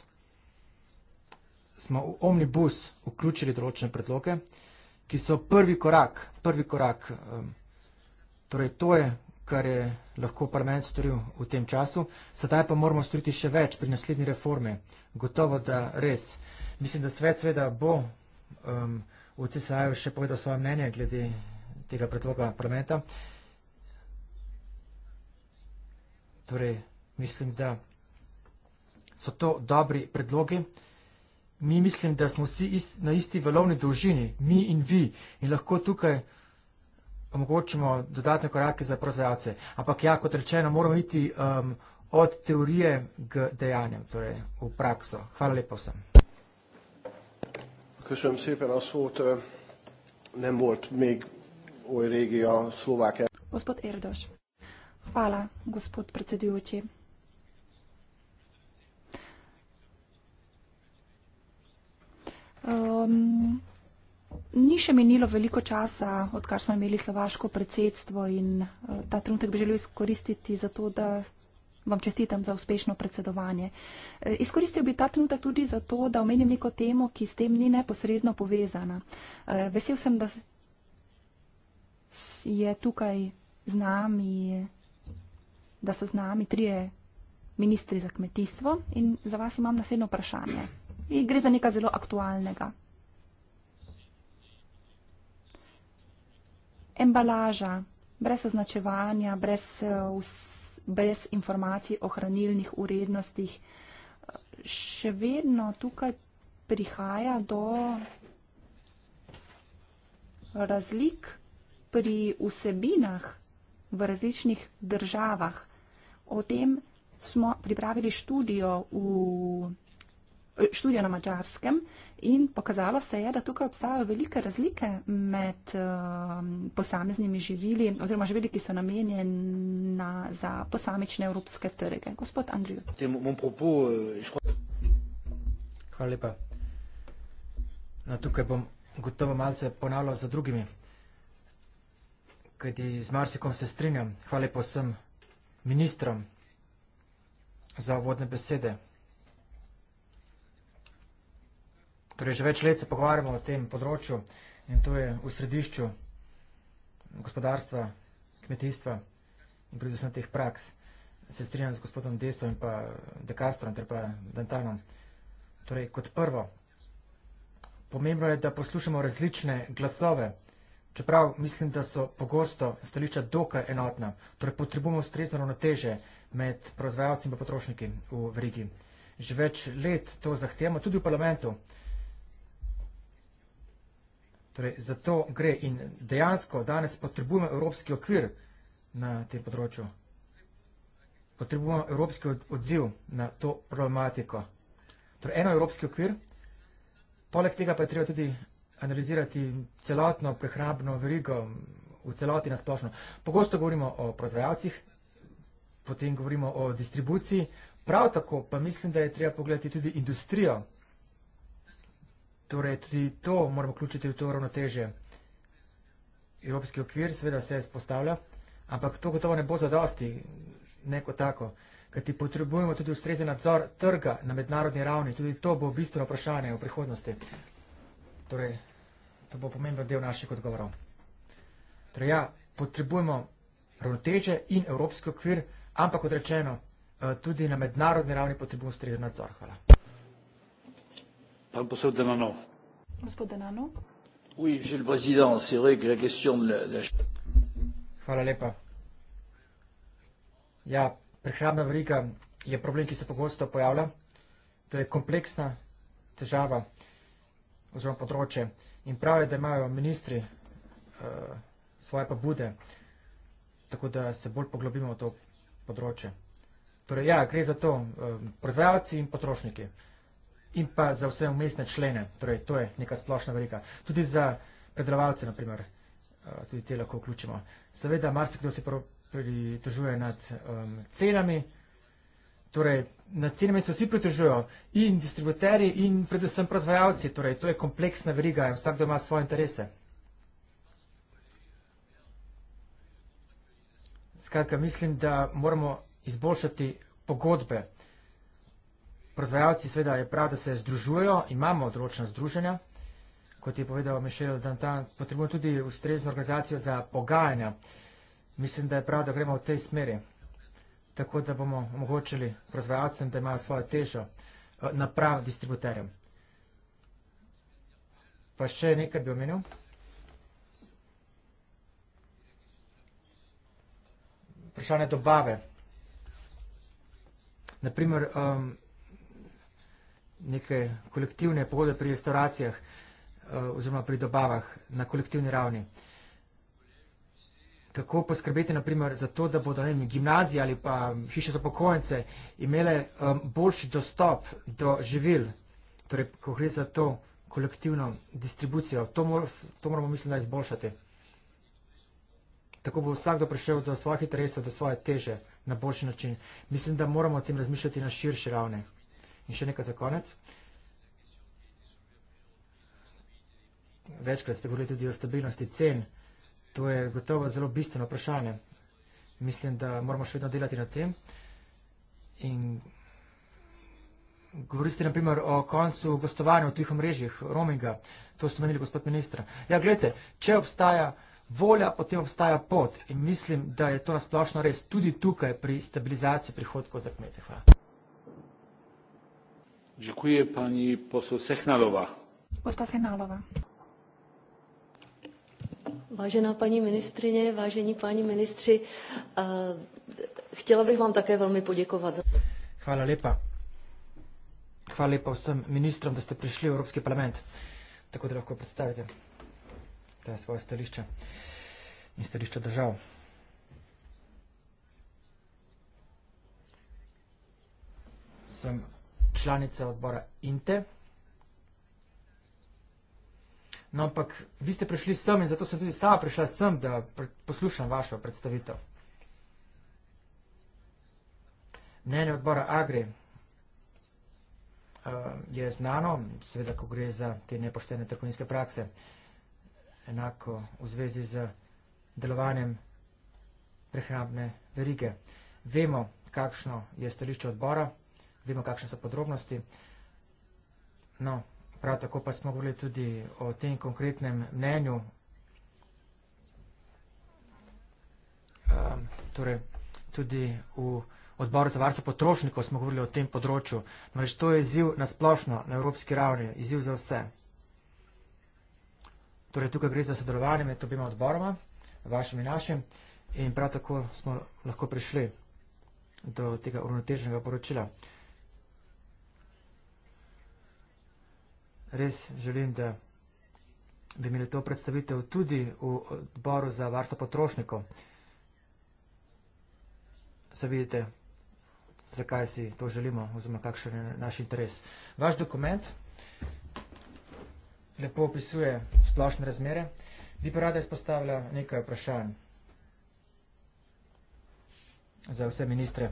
smo v omnibus vključili določene predloge, ki so prvi korak, prvi korak, um, torej to je, kar je lahko parlament storil v tem času, sedaj pa moramo storiti še več pri naslednji reforme. Gotovo, da res. Mislim, da svet sveda bo um, v CSA-ju še povedal svoje mnenje glede tega predloga parlamenta. Torej, mislim, da so to dobri predlogi. Mi mislim, da smo vsi ist, na isti valovni dolžini, mi in vi, in lahko tukaj omogočimo dodatne korake za proizvajalce. Ampak ja, kot rečeno, moramo iti um, od teorije k dejanjem, torej v prakso. Hvala lepa vsem. Köszönöm szépen a szót. Nem volt még oly régi a Szlovákia. Gospod Erdos. Hvala, gospod predsedujúci. Um, ni še menilo veliko časa, odkar smo imeli slovaško predsedstvo in uh, ta trenutek bi želel izkoristiti za to, da vam čestitam za uspešno predsedovanje. E, izkoristil bi ta trenutek tudi za to, da omenim neko temo, ki s tem ni neposredno povezana. E, vesel sem, da je tukaj z nami, da so z nami trije ministri za kmetijstvo in za vas imam naslednjo vprašanje in gre za nekaj zelo aktualnega. Embalaža, brez označevanja, brez, eh, brez informacij o hranilnih urednostih, še vedno tukaj prihaja do razlik pri vsebinah v različnih državah. O tem smo pripravili študijo v študija na mačarskem in pokazalo se je, da tukaj obstajajo velike razlike med um, posameznimi živili oziroma živili, ki so namenjena za posamične evropske trge. Gospod Andrijo. Euh, Hvala lepa. No, tukaj bom gotovo malce ponavljal za drugimi, kajti z marsikom se strinjam. Hvala lepa vsem ministrom za vodne besede. Torej, že več let se pogovarjamo o tem področju in to je v središču gospodarstva, kmetijstva in predvsem teh praks. Se strinjam z gospodom Deso in pa Dekastrom ter pa Dantanom. Torej, kot prvo, pomembno je, da poslušamo različne glasove, čeprav mislim, da so pogosto stališča dokaj enotna. Torej, potrebujemo ustrezno ravnoteže med proizvajalci in potrošniki v verigi. Že več let to zahtevamo, tudi v parlamentu. Torej, zato gre in dejansko danes potrebujemo evropski okvir na tem področju. Potrebujemo evropski odziv na to problematiko. Torej, eno evropski okvir, poleg tega pa je treba tudi analizirati celotno prehrabno verigo v celoti nasplošno. Pogosto govorimo o proizvajalcih, potem govorimo o distribuciji, prav tako pa mislim, da je treba pogledati tudi industrijo, Torej, tudi to moramo vključiti v to ravnotežje. Evropski okvir seveda se spostavlja, ampak to gotovo ne bo zadosti neko tako, ker ti potrebujemo tudi ustrezen nadzor trga na mednarodni ravni. Tudi to bo bistveno vprašanje v prihodnosti. Torej, to bo pomemben del naših odgovorov. Torej, ja, potrebujemo ravnoteže in evropski okvir, ampak odrečeno, eh, tudi na mednarodni ravni potrebujemo ustrezen nadzor. Hvala. Par le professeur Denano. Monsieur Denano. Oui, Monsieur le Président, c'est vrai que la question de la... Hvala lepa. Ja, prehrabna veriga je problem, ki se pogosto pojavlja. To je kompleksna težava oziroma področje. In prav je, da imajo ministri eh, svoje pobude, tako da se bolj poglobimo v to področje. Torej, ja, gre za to eh, proizvajalci in potrošniki. Torej, ja, gre za to proizvajalci in potrošniki in pa za vse umestne člene, torej to je neka splošna velika. Tudi za predelovalce, naprimer, eh, tudi te lahko vključimo. Seveda, marsikdo se pritožuje nad um, cenami, torej nad cenami se vsi pritožujejo in distributeri in predvsem proizvajalci, torej to je kompleksna veriga, vsakdo ima svoje interese. Skratka, mislim, da moramo izboljšati pogodbe proizvajalci seveda je prav, da se združujejo, imamo odročna združenja, kot je povedal Mišel Dantan, potrebujemo tudi ustrezno organizacijo za pogajanja. Mislim, da je prav, da gremo v tej smeri, tako da bomo omogočili proizvajalcem, da imajo svojo težo eh, naprav distributerjem. Pa še nekaj bi omenil. Vprašanje dobave. Naprimer, um, neke kolektivne pogode pri restauracijah eh, oziroma pri dobavah na kolektivni ravni. Kako poskrbeti, naprimer, za to, da bodo gimnazije ali pa hiše za pokojnice imele um, boljši dostop do živil, torej, ko gre za to kolektivno distribucijo. To, mor to moramo, mislim, da izboljšati. Tako bo vsakdo prišel do svojih interesov, do svoje teže na boljši način. Mislim, da moramo o tem razmišljati na širši ravni. In še nekaj za konec. Večkrat ste govorili tudi o stabilnosti cen. To je gotovo zelo bistveno vprašanje. Mislim, da moramo še vedno delati na tem. In govorili ste naprimer o koncu gostovanja v tih omrežjih roaminga. To ste menili, gospod ministra. Ja, gledajte, če obstaja volja, potem obstaja pot. In mislim, da je to nasplošno res tudi tukaj pri stabilizaciji prihodkov za kmete. Hvala. Dziękuję. Pani poseł Sechnalowa. Gospa Sechnalowa. Vážená paní ministrině, vážení páni ministři, eh, chtěla bych vám také velmi poděkovat. Za... Chvála lepa. Chvála lepa všem ministrom, že jste přišli v Evropský parlament. Tako da lahko predstavite ta svoje stališče in stališče držav. Sem članica odbora INTE. No, ampak vi ste prišli sem in zato sem tudi sama prišla sem, da poslušam vašo predstavitev. Mnenje odbora Agri eh, je znano, seveda, ko gre za te nepoštene trgovinske prakse, enako v zvezi z delovanjem prehrambne verige. Vemo, kakšno je stališče odbora vemo, kakšne so podrobnosti. No, prav tako pa smo govorili tudi o tem konkretnem mnenju. Um, torej, tudi v odboru za varstvo potrošnikov smo govorili o tem področju. Namreč to je izziv na splošno, na evropski ravni, izziv za vse. Torej, tukaj gre za sodelovanje med obima odboroma, vašim in našim, in prav tako smo lahko prišli do tega uravnoteženega poročila. res želim, da bi imeli to predstavitev tudi v odboru za varstvo potrošnikov. Se vidite, zakaj si to želimo, oziroma kakšen je naš interes. Vaš dokument lepo opisuje splošne razmere. Bi pa rada izpostavila nekaj vprašanj za vse ministre.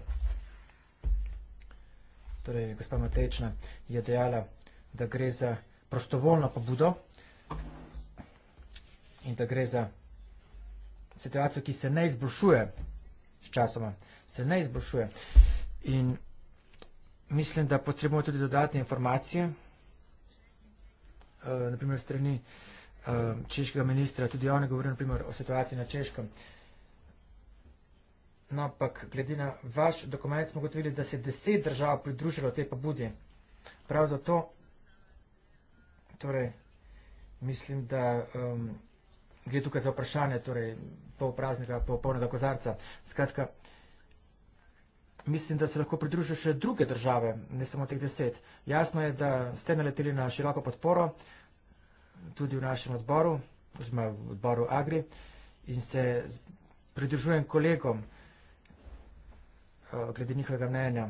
Torej, gospa Matejčna je dejala, da gre za prostovoljno pobudo in da gre za situacijo, ki se ne izboljšuje s časoma, se ne izboljšuje. In mislim, da potrebujemo tudi dodatne informacije, uh, eh, naprimer strani uh, češkega ministra, tudi on je govoril naprimer o situaciji na češkem. No, ampak glede na vaš dokument smo gotovili, da se deset držav pridružilo te pobudi. Prav zato torej, mislim, da um, gre tukaj za vprašanje, torej, pol praznega, pol polnega kozarca. Skratka, mislim, da se lahko pridružijo še druge države, ne samo teh deset. Jasno je, da ste naleteli na široko podporo tudi v našem odboru, oziroma v odboru Agri in se pridružujem kolegom uh, glede njihovega mnenja.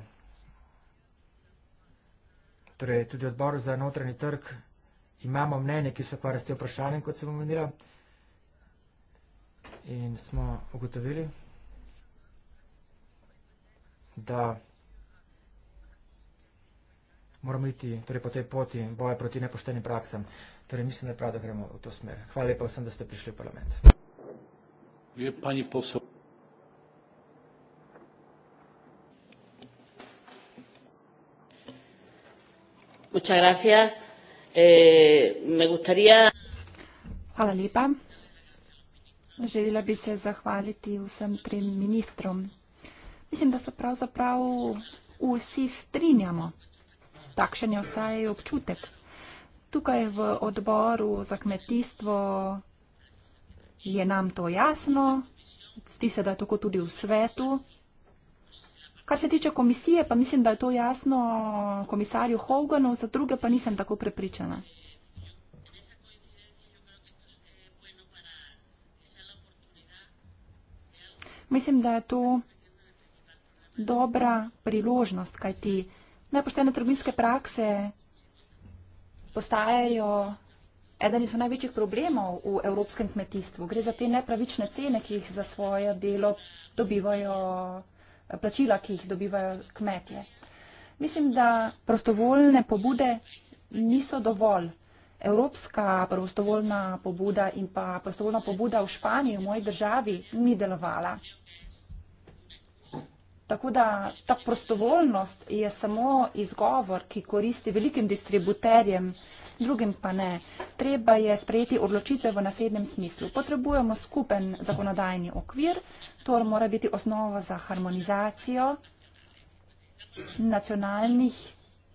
Torej, tudi odbor za notranji trg imamo mnenje, ki se ukvarja s tem vprašanjem, kot se bomo menila. In smo ugotovili, da moramo iti torej po tej poti boja proti nepoštenim praksam. Torej mislim, da je prav, da gremo v to smer. Hvala lepa vsem, da ste prišli v parlament. Je pani posel. Muchas gracias. Eh, me gustaría... Hvala lepa. Želela bi se zahvaliti vsem trem ministrom. Mislim, da se pravzaprav vsi strinjamo. Takšen je vsaj občutek. Tukaj v odboru za kmetijstvo je nam to jasno. Ti se da tako tudi v svetu, Kar se tiče komisije, pa mislim, da je to jasno komisarju Hoganu, za druge pa nisem tako prepričana. Mislim, da je to dobra priložnost, kaj ti nepoštene trgovinske prakse postajajo eden iz največjih problemov v evropskem kmetijstvu. Gre za te nepravične cene, ki jih za svoje delo dobivajo plačila, ki jih dobivajo kmetje. Mislim, da prostovoljne pobude niso dovolj. Evropska prostovoljna pobuda in pa prostovoljna pobuda v Španiji, v moji državi, ni delovala. Tako da ta prostovoljnost je samo izgovor, ki koristi velikim distributerjem uh, drugim pa ne. Treba je sprejeti odločitve v naslednjem smislu. Potrebujemo skupen zakonodajni okvir, to mora biti osnova za harmonizacijo nacionalnih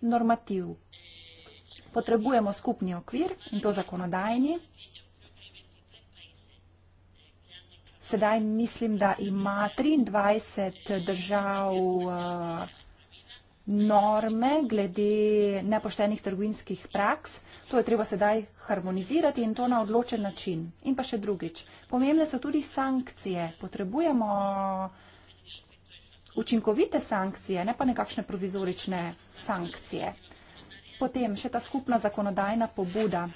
normativ. Potrebujemo skupni okvir in to zakonodajni. Sedaj mislim, da ima 23 držav uh, norme glede nepoštenih trgovinskih praks. To je treba sedaj harmonizirati in to na odločen način. In pa še drugič, pomembne so tudi sankcije. Potrebujemo učinkovite sankcije, ne pa nekakšne provizorične sankcije. Potem še ta skupna zakonodajna pobuda.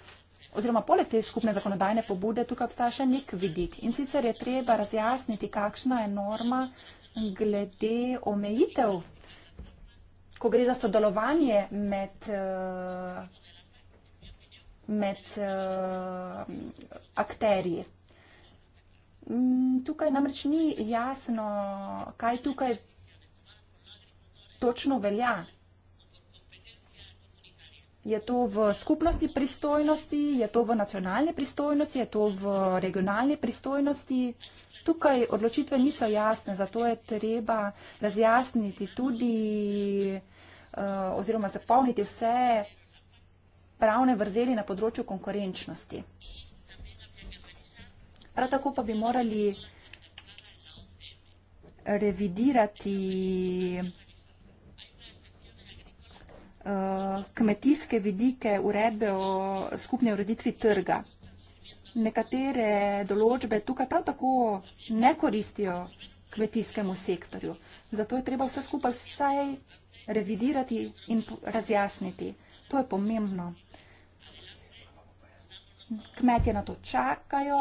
Oziroma, poleg te skupne zakonodajne pobude tukaj obstaja še nek vidik in sicer je treba razjasniti, kakšna je norma glede omejitev ko gre za sodelovanje med, eh, med eh, akterji. Mm, tukaj namreč ni jasno, kaj tukaj točno velja. Je to v skupnosti pristojnosti, je to v nacionalni pristojnosti, je to v regionalni pristojnosti tukaj odločitve niso jasne, zato je treba razjasniti tudi eh, oziroma zapolniti vse pravne vrzeli na področju konkurenčnosti. Prav tako pa bi morali revidirati eh, kmetijske vidike urebe o skupne ureditvi trga nekatere določbe tukaj prav tako ne koristijo kmetijskemu sektorju. Zato je treba vse skupaj vsaj revidirati in razjasniti. To je pomembno. Kmetje na to čakajo,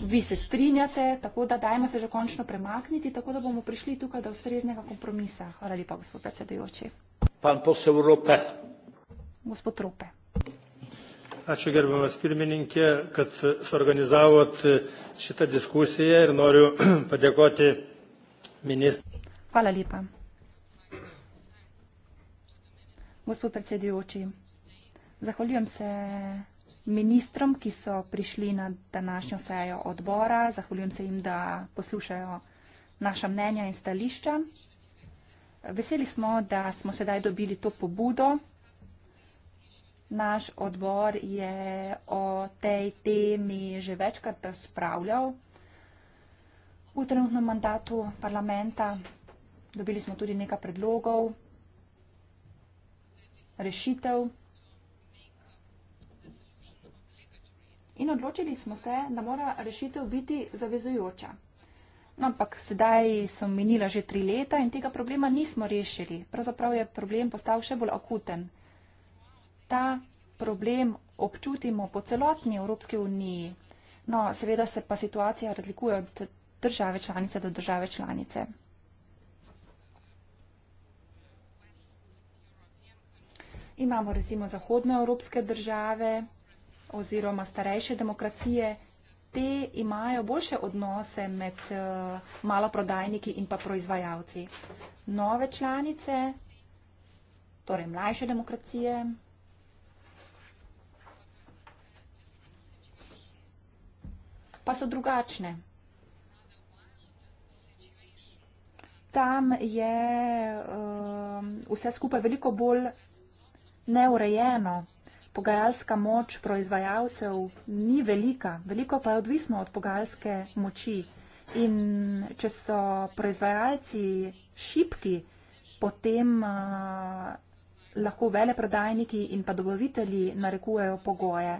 vi se strinjate, tako da dajmo se že končno premakniti, tako da bomo prišli tukaj do ustreznega kompromisa. Hvala lepa, gospod predsedujoči. Pan posel Rope. Gospod Rope. Ačiū gerbiamas pirmininkė, kad suorganizavot šitą diskusiją ir noriu (clears throat) padėkoti ministrui. Hvala lepa. Gospod predsedujoči, zahvaljujem se ministrom, ki so prišli na današnjo sejo odbora, zahvaljujem se jim, da poslušajo naša mnenja in stališča. Veseli smo, da smo sedaj dobili to pobudo Naš odbor je o tej temi že večkrat razpravljal. V trenutnem mandatu parlamenta dobili smo tudi nekaj predlogov, rešitev. In odločili smo se, da mora rešitev biti zavezujoča. No, ampak sedaj so minila že tri leta in tega problema nismo rešili. Pravzaprav je problem postal še bolj akuten ta problem občutimo po celotni Evropski uniji. No, seveda se pa situacija razlikuje od države članice do države članice. Imamo recimo zahodnoevropske države oziroma starejše demokracije, te imajo boljše odnose med eh, maloprodajniki in pa proizvajalci. Nove članice, torej mlajše demokracije, pa so drugačne. Tam je um, vse skupaj veliko bolj neurejeno. Pogajalska moč proizvajalcev ni velika, veliko pa je odvisno od pogajalske moči. In če so proizvajalci šipki, potem uh, lahko veleprodajniki in pa dobavitelji narekujejo pogoje.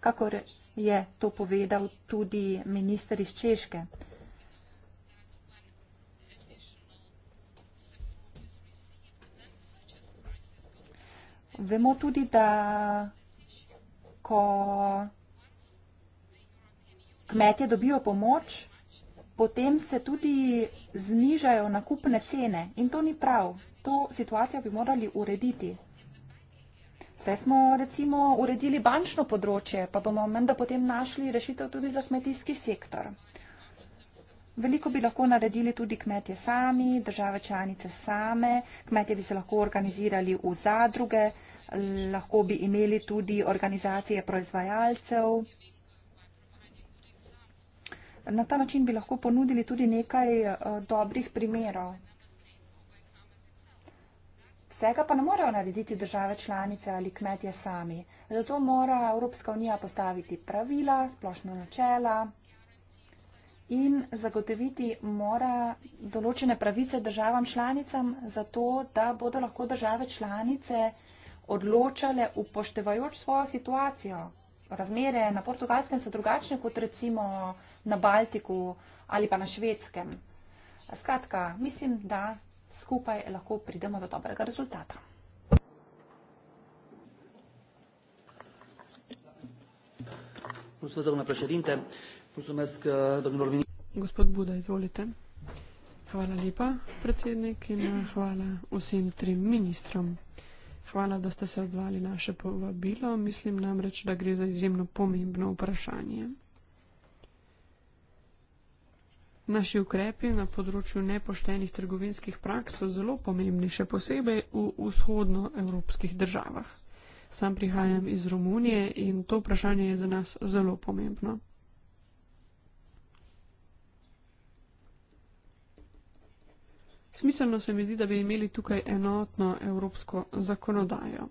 Kakor je to povedal tudi minister iz Češke. Vemo tudi, da ko kmetje dobijo pomoč, potem se tudi znižajo nakupne cene in to ni prav. To situacijo bi morali urediti. Vse smo recimo uredili bančno področje, pa bomo menda potem našli rešitev tudi za kmetijski sektor. Veliko bi lahko naredili tudi kmetje sami, države članice same, kmetje bi se lahko organizirali v zadruge, lahko bi imeli tudi organizacije proizvajalcev. Na ta način bi lahko ponudili tudi nekaj eh, dobrih primerov. Vsega pa ne morejo narediti države članice ali kmetje sami. Zato mora Evropska unija postaviti pravila, splošna načela in zagotoviti mora določene pravice državam članicam, zato da bodo lahko države članice odločale upoštevajoč svojo situacijo. Razmere na portugalskem so drugačne kot recimo na Baltiku ali pa na švedskem. Skratka, mislim, da skupaj lahko pridemo do dobrega rezultata. Uh, Gospod Buda, izvolite. Hvala lepa, predsednik, in uh, hvala vsem trim ministrom. Hvala, da ste se odzvali naše povabilo. Mislim namreč, da gre za izjemno pomembno vprašanje. Naši ukrepi na področju nepoštenih trgovinskih praks so zelo pomembni, še posebej v vzhodnoevropskih državah. Sam prihajam iz Romunije in to vprašanje je za nas zelo pomembno. Smiselno se mi zdi, da bi imeli tukaj enotno evropsko zakonodajo.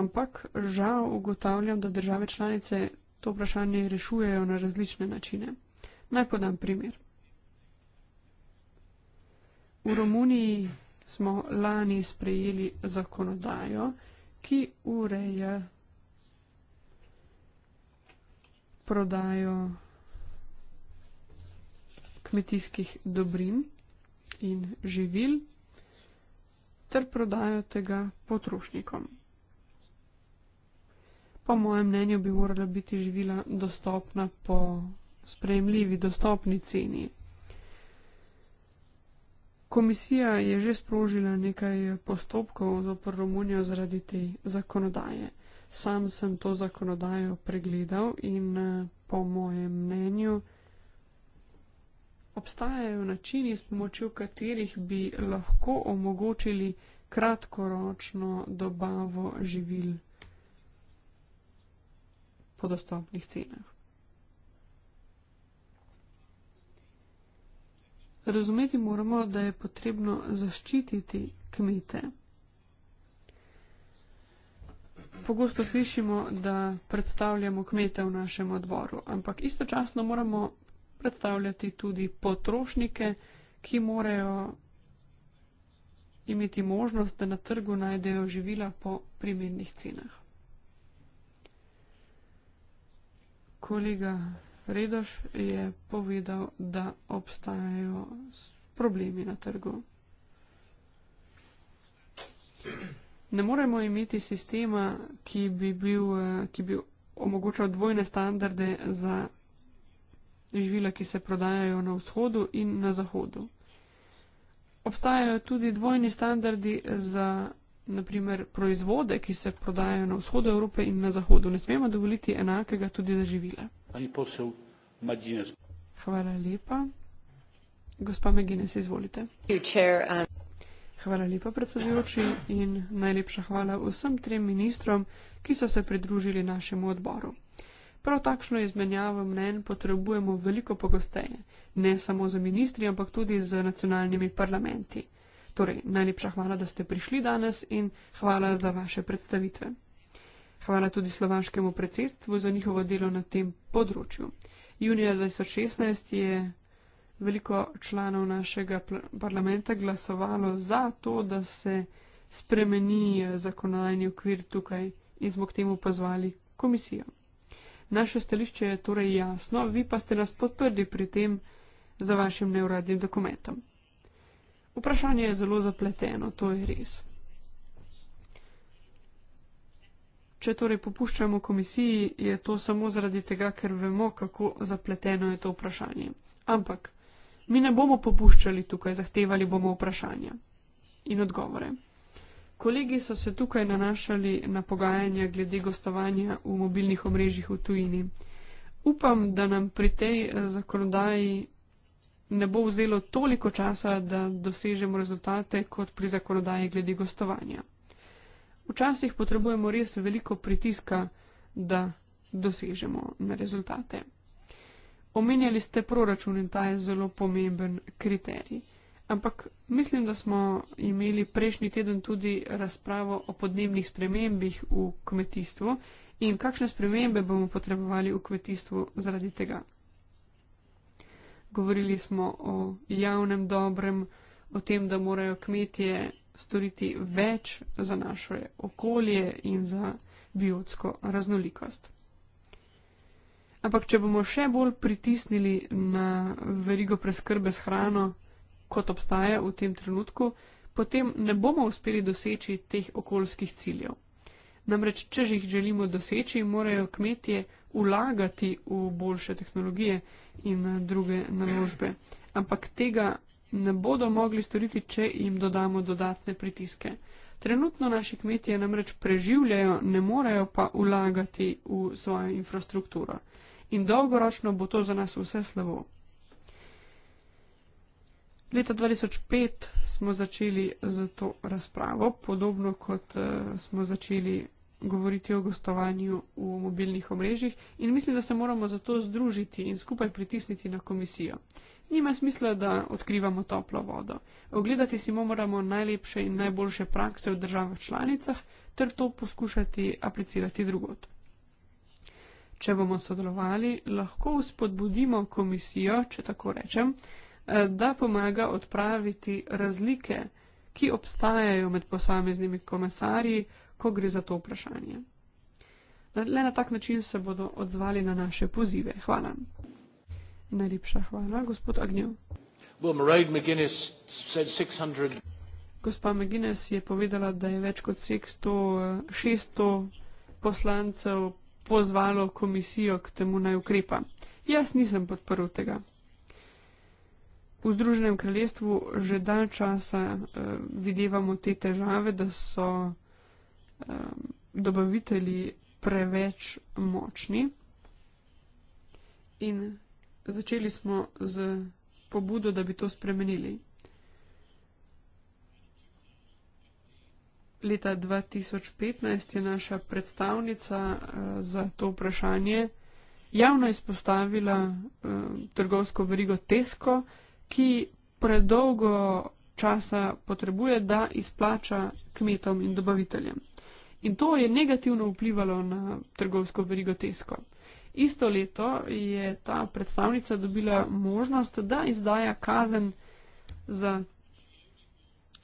Ampak žal ugotavljam, da države članice to vprašanje rešujejo na različne načine. Naj podam primer. V Romuniji smo lani sprejeli zakonodajo, ki ureja prodajo kmetijskih dobrin in živil ter prodajo tega potrošnikom. Po mojem mnenju bi morala biti živila dostopna po sprejemljivi, dostopni ceni. Komisija je že sprožila nekaj postopkov zopr Romunijo zaradi te zakonodaje. Sam sem to zakonodajo pregledal in eh, po mojem mnenju obstajajo načini, s pomočjo katerih bi lahko omogočili kratkoročno dobavo živil po dostopnih cenah. Razumeti moramo, da je potrebno zaščititi kmete. Pogosto slišimo, da predstavljamo kmete v našem odboru, ampak istočasno moramo predstavljati tudi potrošnike, ki morajo imeti možnost, da na trgu najdejo živila po primernih cenah. Kolega Redoš je povedal, da obstajajo problemi na trgu. Ne moremo imeti sistema, ki bi, bil, eh, ki bi omogočal dvojne standarde za živila, ki se prodajajo na vzhodu in na zahodu. Obstajajo tudi dvojni standardi za naprimer, proizvode, ki se prodajajo na vzhodu Evrope in na zahodu. Ne smemo dovoliti enakega tudi za živile. Hvala lepa. Gospa Megines, izvolite. Um, hvala lepa, predsedujoči, in najlepša hvala vsem trem ministrom, ki so se pridružili našemu odboru. Prav takšno izmenjavo mnen potrebujemo veliko pogosteje, ne samo za ministri, ampak tudi z nacionalnimi parlamenti. Torej, najlepša hvala, da ste prišli danes in hvala za vaše predstavitve. Hvala tudi slovaškemu predsedstvu za njihovo delo na tem področju. Junija 2016 je veliko članov našega parlamenta glasovalo za to, da se spremeni eh, zakonodajni okvir tukaj in smo k temu pozvali komisijo. Naše stališče je torej jasno, vi pa ste nas podprli pri tem za vašim neuradnim dokumentom. Vprašanje je zelo zapleteno, to je res. Če torej popuščamo komisiji, je to samo zaradi tega, ker vemo, kako zapleteno je to vprašanje. Ampak mi ne bomo popuščali tukaj, zahtevali bomo vprašanja in odgovore. Kolegi so se tukaj nanašali na pogajanja glede gostovanja v mobilnih omrežjih v tujini. Upam, da nam pri tej eh, zakonodaji ne bo vzelo toliko časa, da dosežemo rezultate kot pri zakonodaji glede gostovanja. Včasih potrebujemo res veliko pritiska, da dosežemo na rezultate. Omenjali ste proračun in ta je zelo pomemben kriterij. Ampak mislim, da smo imeli prejšnji teden tudi razpravo o podnebnih spremembih v kmetijstvu in kakšne spremembe bomo potrebovali v kmetijstvu zaradi tega. Govorili smo o javnem dobrem, o tem, da morajo kmetije storiti več za naše okolje in za biotsko raznolikost. Ampak, če bomo še bolj pritisnili na verigo preskrbe s hrano, kot obstaja v tem trenutku, potem ne bomo uspeli doseči teh okoljskih ciljev. Namreč, če jih želimo doseči, morajo kmetije vlagati v boljše tehnologije in eh, druge naložbe. Ampak tega ne bodo mogli storiti, če jim dodamo dodatne pritiske. Trenutno naši kmetije namreč preživljajo, ne morejo pa vlagati v svojo infrastrukturo. In dolgoročno bo to za nas vse slabo. Leta 2005 smo začeli z to razpravo, podobno kot uh, smo začeli govoriti o gostovanju v mobilnih omrežjih in mislim, da se moramo zato združiti in skupaj pritisniti na komisijo. Nima smisla, da odkrivamo toplo vodo. Ogledati si moramo najlepše in najboljše prakse v državah članicah ter to poskušati aplicirati drugot. Če bomo sodelovali, lahko spodbudimo komisijo, če tako rečem, eh, da pomaga odpraviti razlike, ki obstajajo med posameznimi komisarji, ko gre za to vprašanje. Le na tak način se bodo odzvali na naše pozive. Hvala. Najlepša hvala, gospod Agnjo. Well, Gospa McGuinness je povedala, da je več kot 600, 600 poslancev pozvalo komisijo k temu naj ukrepa. Jaz nisem podprl tega. V Združenem kraljestvu že dalj časa uh, videvamo te težave, da so um, dobavitelji preveč močni. In začeli smo z pobudo, da bi to spremenili. Leta 2015 je naša predstavnica uh, za to vprašanje javno izpostavila uh, trgovsko verigo Tesco, ki predolgo časa potrebuje, da izplača kmetom in dobaviteljem in to je negativno vplivalo na trgovsko verigo Tesco. Isto leto je ta predstavnica dobila možnost, da izdaja kazen za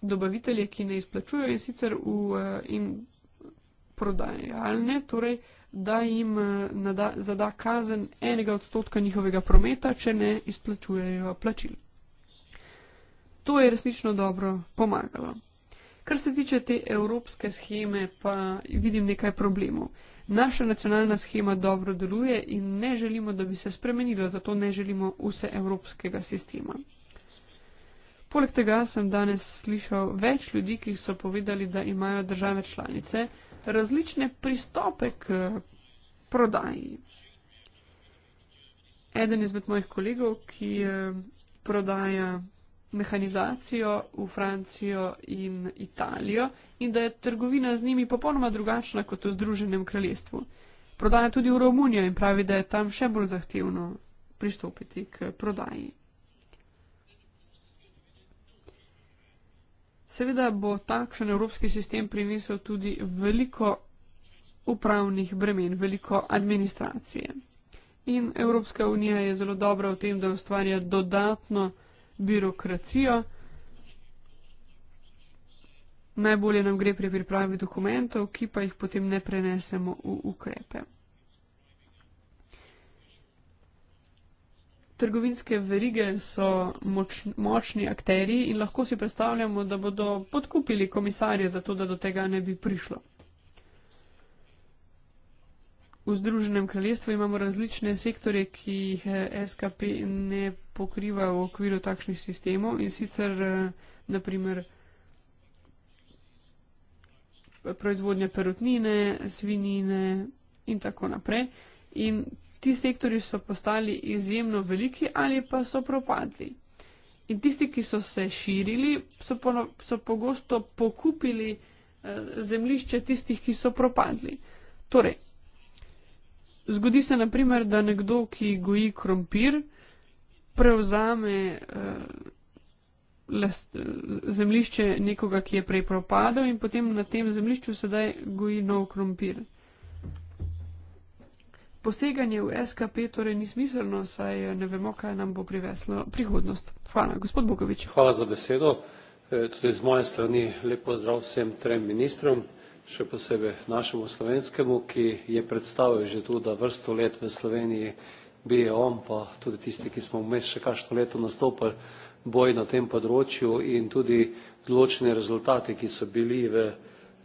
dobavitelje, ki ne izplačujejo in sicer v, eh, in prodajalne, torej, da jim eh, nada, zada kazen enega odstotka njihovega prometa, če ne izplačujejo plačil. To je resnično dobro pomagalo. Kar se tiče te evropske scheme, pa vidim nekaj problemov. Naša nacionalna schema dobro deluje in ne želimo, da bi se spremenila, zato ne želimo vse evropskega sistema. Poleg tega sem danes slišal več ljudi, ki so povedali, da imajo države članice različne pristope k eh, prodaji. Eden izmed mojih kolegov, ki eh, prodaja mehanizacijo v Francijo in Italijo in da je trgovina z njimi popolnoma drugačna kot v Združenem kraljestvu. Prodaja tudi v Romunijo in pravi, da je tam še bolj zahtevno pristopiti k prodaji. Seveda bo takšen evropski sistem prinesel tudi veliko upravnih bremen, veliko administracije. In Evropska unija je zelo dobra v tem, da ustvarja dodatno birokracijo. Najbolje nam gre pri pripravi dokumentov, ki pa jih potem ne prenesemo v ukrepe. Trgovinske verige so moč, močni akteri in lahko si predstavljamo, da bodo podkupili komisarje za to, da do tega ne bi prišlo v Združenem kraljestvu imamo različne sektore, ki jih eh, SKP ne pokriva v okviru takšnih sistemov in sicer eh, naprimer proizvodnja perutnine, svinjine in tako naprej. In ti sektori so postali izjemno veliki ali pa so propadli. In tisti, ki so se širili, so, po, no-, so pogosto pokupili eh, zemlišče tistih, ki so propadli. Torej, Zgodi se, naprimer, da nekdo, ki goji krompir, prevzame eh, last, eh, zemlišče nekoga, ki je prej propadel in potem na tem zemlišču sedaj goji nov krompir. Poseganje v SKP torej ni smiselno, saj eh, ne vemo, kaj nam bo priveslo prihodnost. Hvala, gospod Bogovič. Hvala za besedo. E, tudi z moje strani lepo zdrav vsem trem ministrom še posebej našemu slovenskemu, ki je predstavil že tu, da vrsto let v Sloveniji bi je on, pa tudi tisti, ki smo vmes še kakšno leto nastopili, boj na tem področju in tudi določene rezultate, ki so bili v,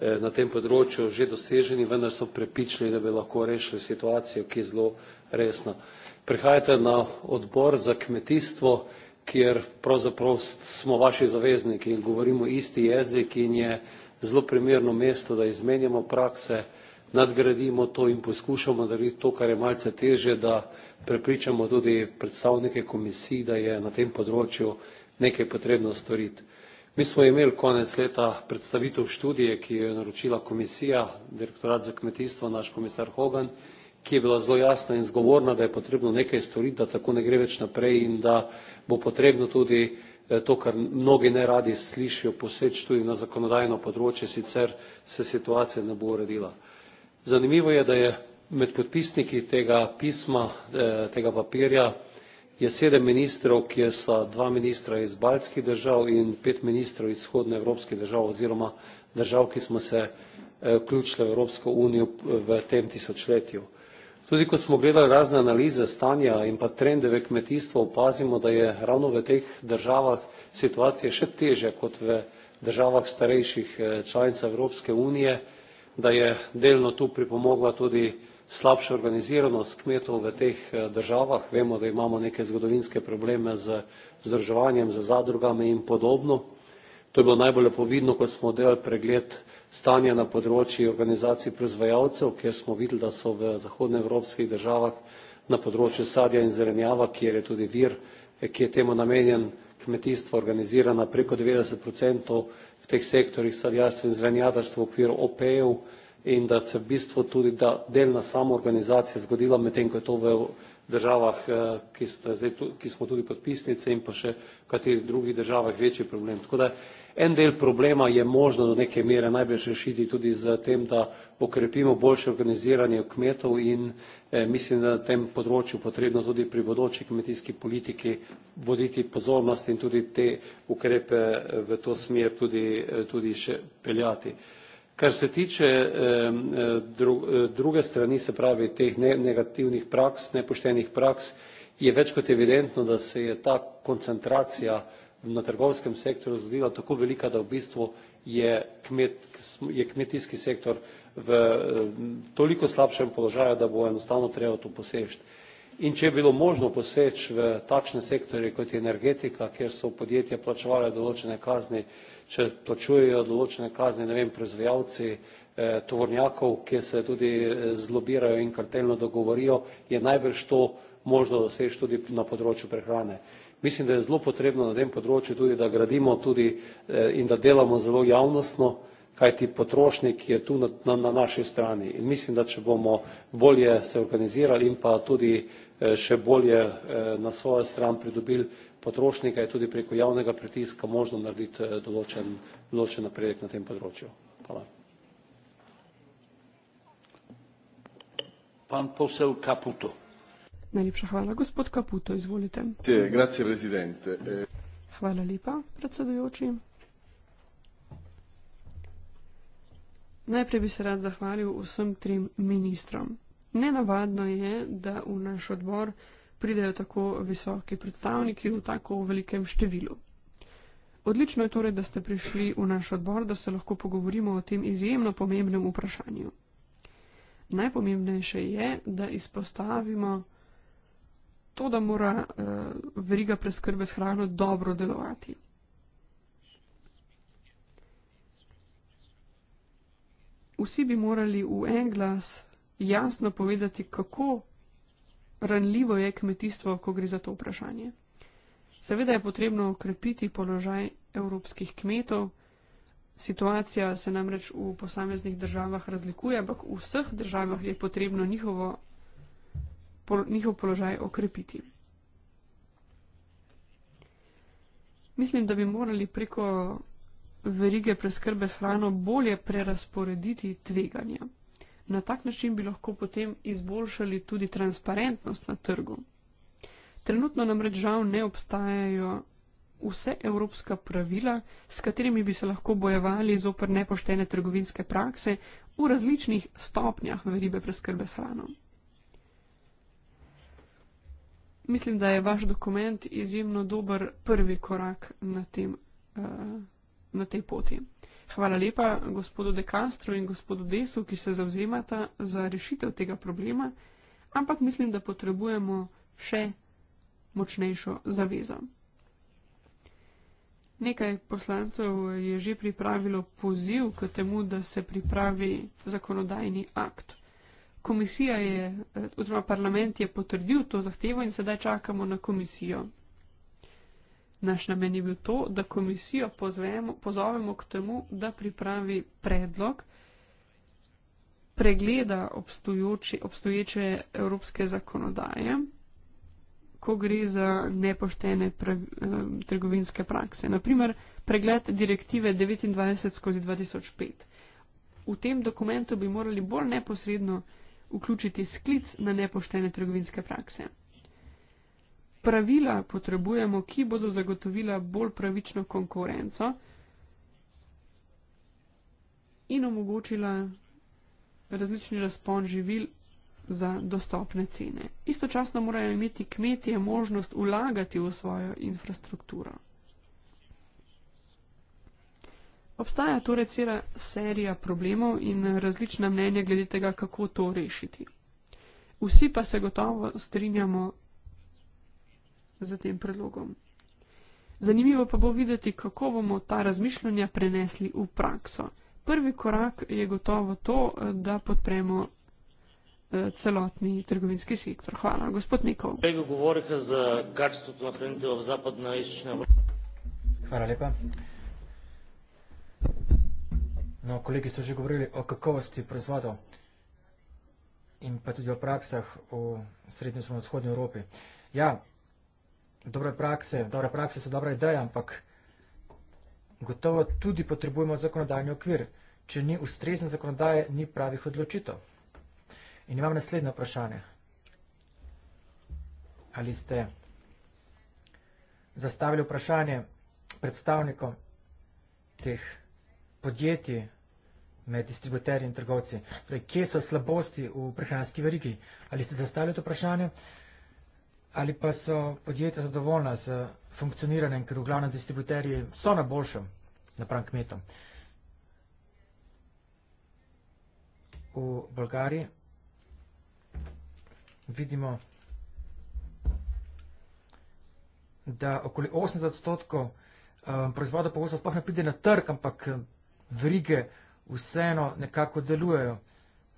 eh, na tem področju že doseženi, vendar so prepičili, da bi lahko rešili situacijo, ki je zelo resna. Prihajate na odbor za kmetijstvo, kjer pravzaprav smo vaši zavezniki in govorimo isti jezik in je zelo primerno mesto, da izmenjamo prakse, nadgradimo to in poskušamo narediti to, kar je malce težje, da prepričamo tudi predstavnike komisij, da je na tem področju nekaj potrebno storiti. Mi smo imeli konec leta predstavitev študije, ki jo je naročila komisija, direktorat za kmetijstvo, naš komisar Hogan, ki je bila zelo jasna in zgovorna, da je potrebno nekaj storiti, da tako ne gre več naprej in da bo potrebno tudi Eh, to, kar mnogi ne radi slišijo, poseč tudi na zakonodajno področje, sicer se situacija ne bo uredila. Zanimivo je, da je med podpisniki tega pisma, eh, tega papirja, je sedem ministrov, kjer so dva ministra iz baljskih držav in pet ministrov iz shodne evropskih držav oziroma držav, ki smo se eh, vključili v Evropsko unijo v tem tisočletju. Tudi ko smo gledali razne analize stanja in pa trende v kmetijstvu, opazimo, da je ravno v teh državah situacija še težja kot v državah starejših eh, članic Evropske unije, da je delno tu pripomogla tudi slabša organiziranost kmetov v teh eh, državah. Vemo, da imamo neke zgodovinske probleme z združevanjem, z zadrugami in podobno. To je bilo najbolje povidno, ko smo delali pregled stanja na področju organizacij proizvajalcev, kjer smo videli, da so v zahodnoevropskih državah na področju sadja in zelenjava, kjer je tudi vir, eh, ki je temu namenjen, kmetijstvo organizirana preko 90% v teh sektorjih sadjarstva in zelenjadarstva v okviru OPE-ev in da se v bistvu tudi da delna samoorganizacija zgodila medtem, ko je to v državah, eh, ki, zdaj, ki smo tudi podpisnice in pa še v katerih drugih državah večji problem. Tako da En del problema je možno do neke mere najbrž rešiti tudi z tem, da okrepimo boljše organiziranje kmetov in eh, mislim, da na tem področju potrebno tudi pri bodoči kmetijski politiki voditi pozornost in tudi te ukrepe eh, v to smer tudi, eh, tudi še peljati. Kar se tiče eh, dru, eh, druge strani, se pravi teh ne, negativnih praks, nepoštenih praks, je več kot evidentno, da se je ta koncentracija na trgovskem sektorju zgodila tako velika, da v bistvu je, kmet, je kmetijski sektor v eh, toliko slabšem položaju, da bo enostavno treba to poseči. In če je bilo možno poseči v takšne sektorje kot je energetika, kjer so podjetja plačevale določene kazni, če plačujejo določene kazni, ne vem, proizvajalci eh, tovornjakov, ki se tudi eh, zlobirajo in kartelno dogovorijo, je najbrž to možno doseči tudi na področju prehrane mislim da je zelo potrebno na tem področju tudi da gradimo tudi eh, in da delamo zelo javnostno kajti potrošnik je tu na, na, na naši strani in mislim da če bomo bolje se organizirali in pa tudi eh, še bolje eh, na svojo stran pridobili potrošnika je tudi preko javnega pritiska možno narediti določen, določen napredek na tem področju. Hvala. Pan posel Kaputo. Najlepša hvala, gospod Kaputo, izvolite. Grazie, presidente. Eh, hvala lepa, predsedujoči. Najprej bi se rad zahvalil vsem trim ministrom. Nenavadno je, da v naš odbor pridejo tako visoki predstavniki v tako velikem številu. Odlično je torej, da ste prišli v naš odbor, da se lahko pogovorimo o tem izjemno pomembnem vprašanju. Najpomembnejše je, da izpostavimo, to, da mora uh, veriga preskrbe s hrano dobro delovati. Vsi bi morali v en glas jasno povedati, kako ranljivo je kmetijstvo, ko gre za to vprašanje. Seveda je potrebno okrepiti položaj evropskih kmetov. Situacija se namreč v posameznih državah razlikuje, ampak v vseh državah je potrebno njihovo pol, njihov položaj okrepiti. Mislim, da bi morali preko verige preskrbe s hrano bolje prerasporediti tveganja. Na tak način bi lahko potem izboljšali tudi transparentnost na trgu. Trenutno namreč žal ne obstajajo vse evropska pravila, s katerimi bi se lahko bojevali zoper nepoštene trgovinske prakse v različnih stopnjah veribe preskrbe s hranom mislim, da je vaš dokument izjemno dober prvi korak na, tem, uh, na tej poti. Hvala lepa gospodu De Castro in gospodu Desu, ki se zauzemata za rešitev tega problema, ampak mislim, da potrebujemo še močnejšo zavezo. Nekaj poslancev je že pripravilo poziv k temu, da se pripravi zakonodajni akt komisija je, eh, oziroma parlament je potrdil to zahtevo in sedaj čakamo na komisijo. Naš namen je bil to, da komisijo pozvemo, pozovemo k temu, da pripravi predlog, pregleda obstoječe, obstoječe evropske zakonodaje, ko gre za nepoštene pre, eh, trgovinske prakse. Naprimer, pregled direktive 29 skozi 2005. V tem dokumentu bi morali bolj neposredno vključiti sklic na nepoštene trgovinske prakse. Pravila potrebujemo, ki bodo zagotovila bolj pravično konkurenco in omogočila različni razpon živil za dostopne cene. Istočasno morajo imeti kmetje možnost ulagati v svojo infrastrukturo. Obstaja torej cela serija problemov in različna mnenja glede tega, kako to rešiti. Vsi pa se gotovo strinjamo z tem predlogom. Zanimivo pa bo videti, kako bomo ta razmišljanja prenesli v prakso. Prvi korak je gotovo to, da podpremo eh, celotni trgovinski sektor. Hvala, gospod Nikov. Hvala lepa. No, kolegi so že govorili o kakovosti proizvodov in pa tudi o praksah v srednjo in vzhodnji Evropi. Ja, dobre prakse, dobre prakse so dobra ideja, ampak gotovo tudi potrebujemo zakonodajni okvir. Če ni ustrezne zakonodaje, ni pravih odločitev. In imam naslednje vprašanje. Ali ste zastavili vprašanje predstavnikom teh podjetij, med distributerji in trgovci. Torej, kje so slabosti v prehranski verigi? Ali ste zastavili to vprašanje? Ali pa so podjetja zadovoljna z funkcioniranjem, ker v glavnem distributerji so na boljšem napram kmetom? V Bolgariji vidimo, da okoli 80 odstotkov eh, proizvoda pogosto sploh ne pride na trg, ampak eh, verige vseeno nekako delujejo.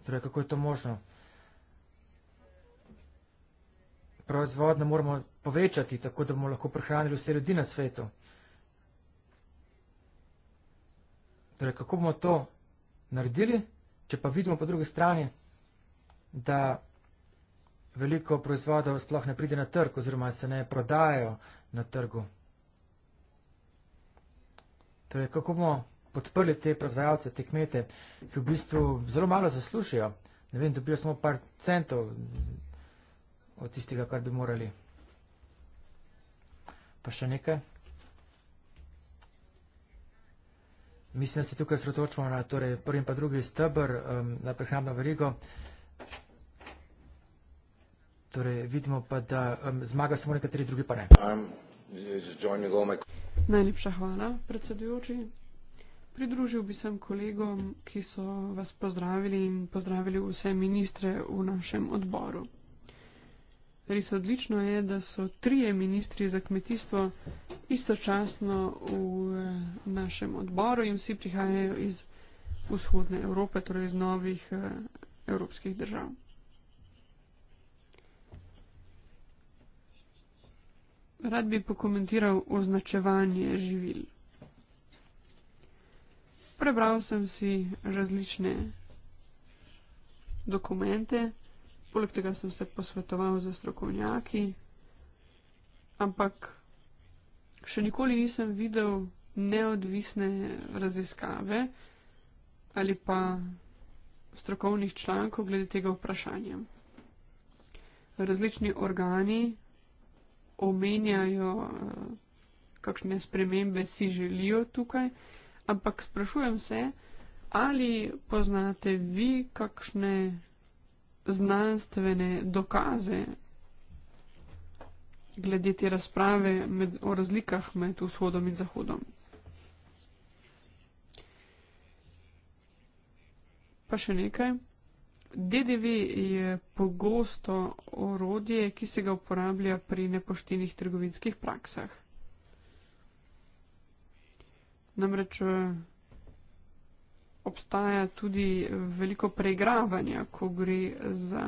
Torej, kako je to možno? Proizvodno moramo povečati, tako da bomo lahko prehranili vse ljudi na svetu. Torej, kako bomo to naredili, če pa vidimo po drugi strani, da veliko proizvodov sploh ne pride na trg oziroma se ne prodajo na trgu. Torej, kako bomo podprli te proizvajalce, te kmete, ki v bistvu zelo malo zaslužijo. Ne vem, dobijo samo par centov od tistega, kar bi morali. Pa še nekaj. Mislim, da se tukaj sredočimo na torej, prvi in pa drugi stebr, um, na prehrambno verigo. Torej, vidimo pa, da um, zmaga samo nekateri drugi, pa ne. Um, Najlepša hvala, predsedujoči. Pridružil bi se kolegom, ki so vas pozdravili in pozdravili vse ministre v našem odboru. Res odlično je, da so trije ministri za kmetijstvo istočasno v eh, našem odboru in vsi prihajajo iz vzhodne Evrope, torej iz novih eh, evropskih držav. Rad bi pokomentiral označevanje živil. Prebral sem si različne dokumente, poleg tega sem se posvetoval za strokovnjaki, ampak še nikoli nisem videl neodvisne raziskave ali pa strokovnih člankov glede tega vprašanja. Različni organi omenjajo, eh, kakšne spremembe si želijo tukaj ampak sprašujem se, ali poznate vi kakšne znanstvene dokaze glede te razprave med, o razlikah med vzhodom in zahodom. Pa še nekaj. DDV je pogosto orodje, ki se ga uporablja pri nepoštenih trgovinskih praksah. Namreč eh, obstaja tudi veliko preigravanja, ko gre za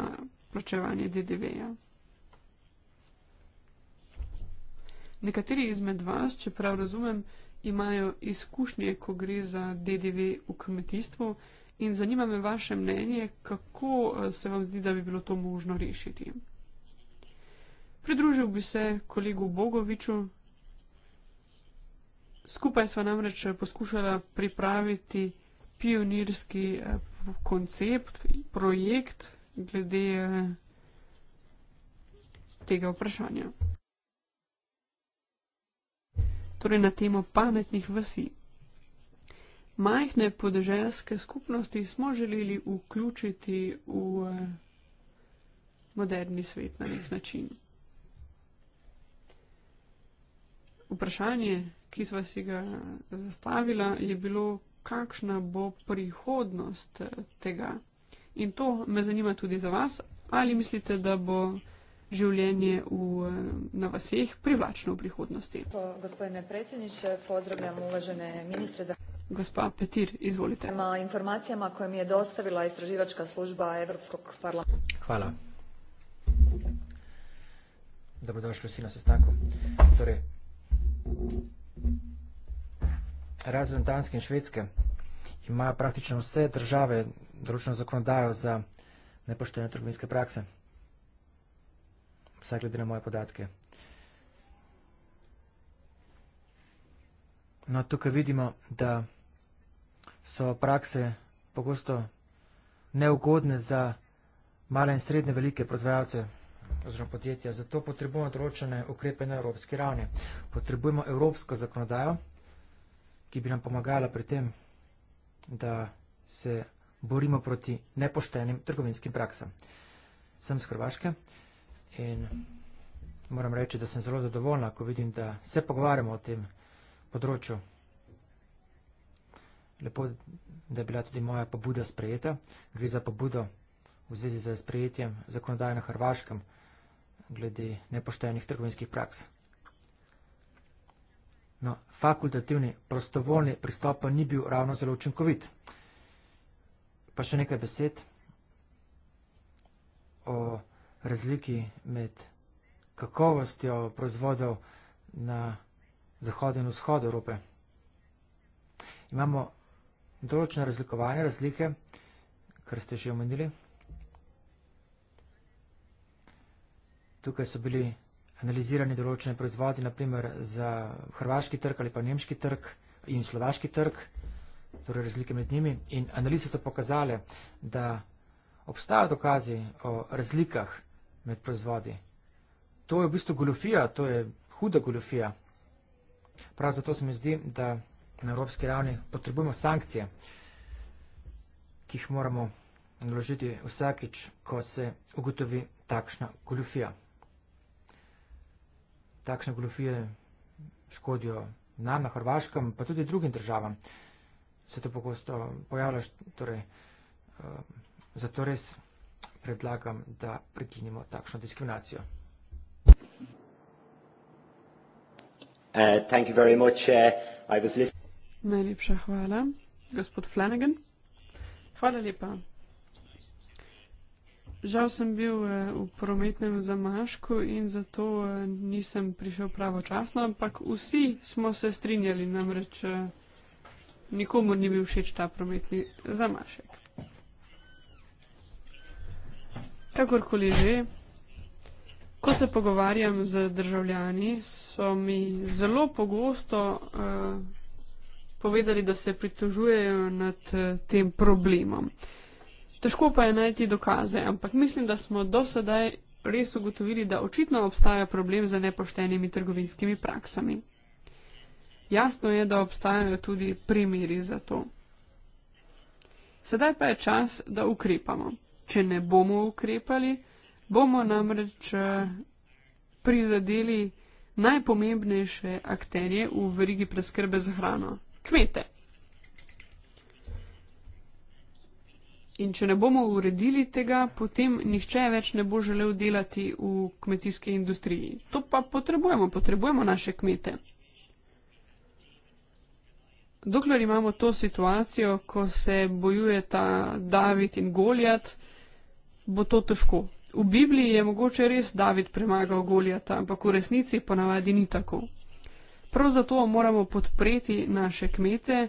plačevanje DDV-ja. Nekateri izmed vas, čeprav razumem, imajo izkušnje, ko gre za DDV v kmetijstvu in zanima me vaše mnenje, kako eh, se vam zdi, da bi bilo to možno rešiti. Pridružil bi se kolegu Bogoviču, Skupaj smo namreč eh, poskušali pripraviti pionirski eh, koncept, projekt glede eh, tega vprašanja. Torej na temo pametnih vasi. Majhne podeželske skupnosti smo želeli vključiti v moderni svet na nek način. Vprašanje je, ki sva si ga zastavila, je bilo, kakšna bo prihodnost eh, tega. In to me zanima tudi za vas. Ali mislite, da bo življenje v, eh, na vaseh privlačno v prihodnosti? Gospodine predsjedniče, pozdravljam uvažene ministre. Za... Gospa Petir, izvolite. Prema informacijama koje mi je dostavila istraživačka služba Evropskog parlamenta. Hvala. Dobrodošli vsi na sestanku. Torej, razen Danske in Švedske, imajo praktično vse države določeno zakonodajo za nepoštene trgovinske prakse. Vsaj glede na moje podatke. No, tukaj vidimo, da so prakse pogosto neugodne za male in srednje velike proizvajalce oziroma podjetja. Zato potrebujemo določene ukrepe na evropski ravni. Potrebujemo evropsko zakonodajo, ki bi nam pomagala pri tem, da se borimo proti nepoštenim trgovinskim praksam. Sem z Hrvaške in moram reči, da sem zelo zadovoljna, ko vidim, da se pogovarjamo o tem področju. Lepo, da je bila tudi moja pobuda sprejeta. Gre za pobudo v zvezi z sprejetjem zakonodaje na Hrvaškem glede nepoštenih trgovinskih praks. No, fakultativni prostovoljni pristop pa ni bil ravno zelo učinkovit. Pa še nekaj besed o razliki med kakovostjo proizvodov na zahodu in vzhodu Evrope. Imamo določene razlikovanje, razlike, kar ste že omenili. Tukaj so bili analizirani določene proizvodi, naprimer za hrvaški trg ali pa nemški trg in slovaški trg, torej razlike med njimi. In analize so pokazale, da obstajajo dokazi o razlikah med proizvodi. To je v bistvu goljofija, to je huda goljofija. Prav zato se mi zdi, da na evropski ravni potrebujemo sankcije, ki jih moramo naložiti vsakič, ko se ugotovi takšna goljofija takšne goljofije škodijo nam na Hrvaškem, pa tudi drugim državam. Se to pogosto pojavlja, torej, uh, zato res predlagam, da prekinimo takšno diskriminacijo. Uh, thank you very much. Uh, I was listening. Najlepša hvala, gospod Flanagan. Hvala lepa. Žal sem bil eh, v prometnem zamašku in zato eh, nisem prišel pravočasno, ampak vsi smo se strinjali, namreč eh, nikomu ni bil všeč ta prometni zamašek. Kakorkoli že, ko se pogovarjam z državljani, so mi zelo pogosto povedali, da se pritožujejo nad tem problemom. Težko pa je najti dokaze, ampak mislim, da smo do sedaj res ugotovili, da očitno obstaja problem z nepoštenimi trgovinskimi praksami. Jasno je, da obstajajo tudi primeri za to. Sedaj pa je čas, da ukrepamo. Če ne bomo ukrepali, bomo namreč eh, prizadeli najpomembnejše akterje v verigi preskrbe z hrano - kmete. In če ne bomo uredili tega, potem nihče več ne bo želel delati v kmetijski industriji. To pa potrebujemo, potrebujemo naše kmete. Dokler imamo to situacijo, ko se bojujeta David in Goljat, bo to težko. V Bibliji je mogoče res David premagal Goljata, ampak v resnici ponavadi ni tako. Prav zato moramo podpreti naše kmete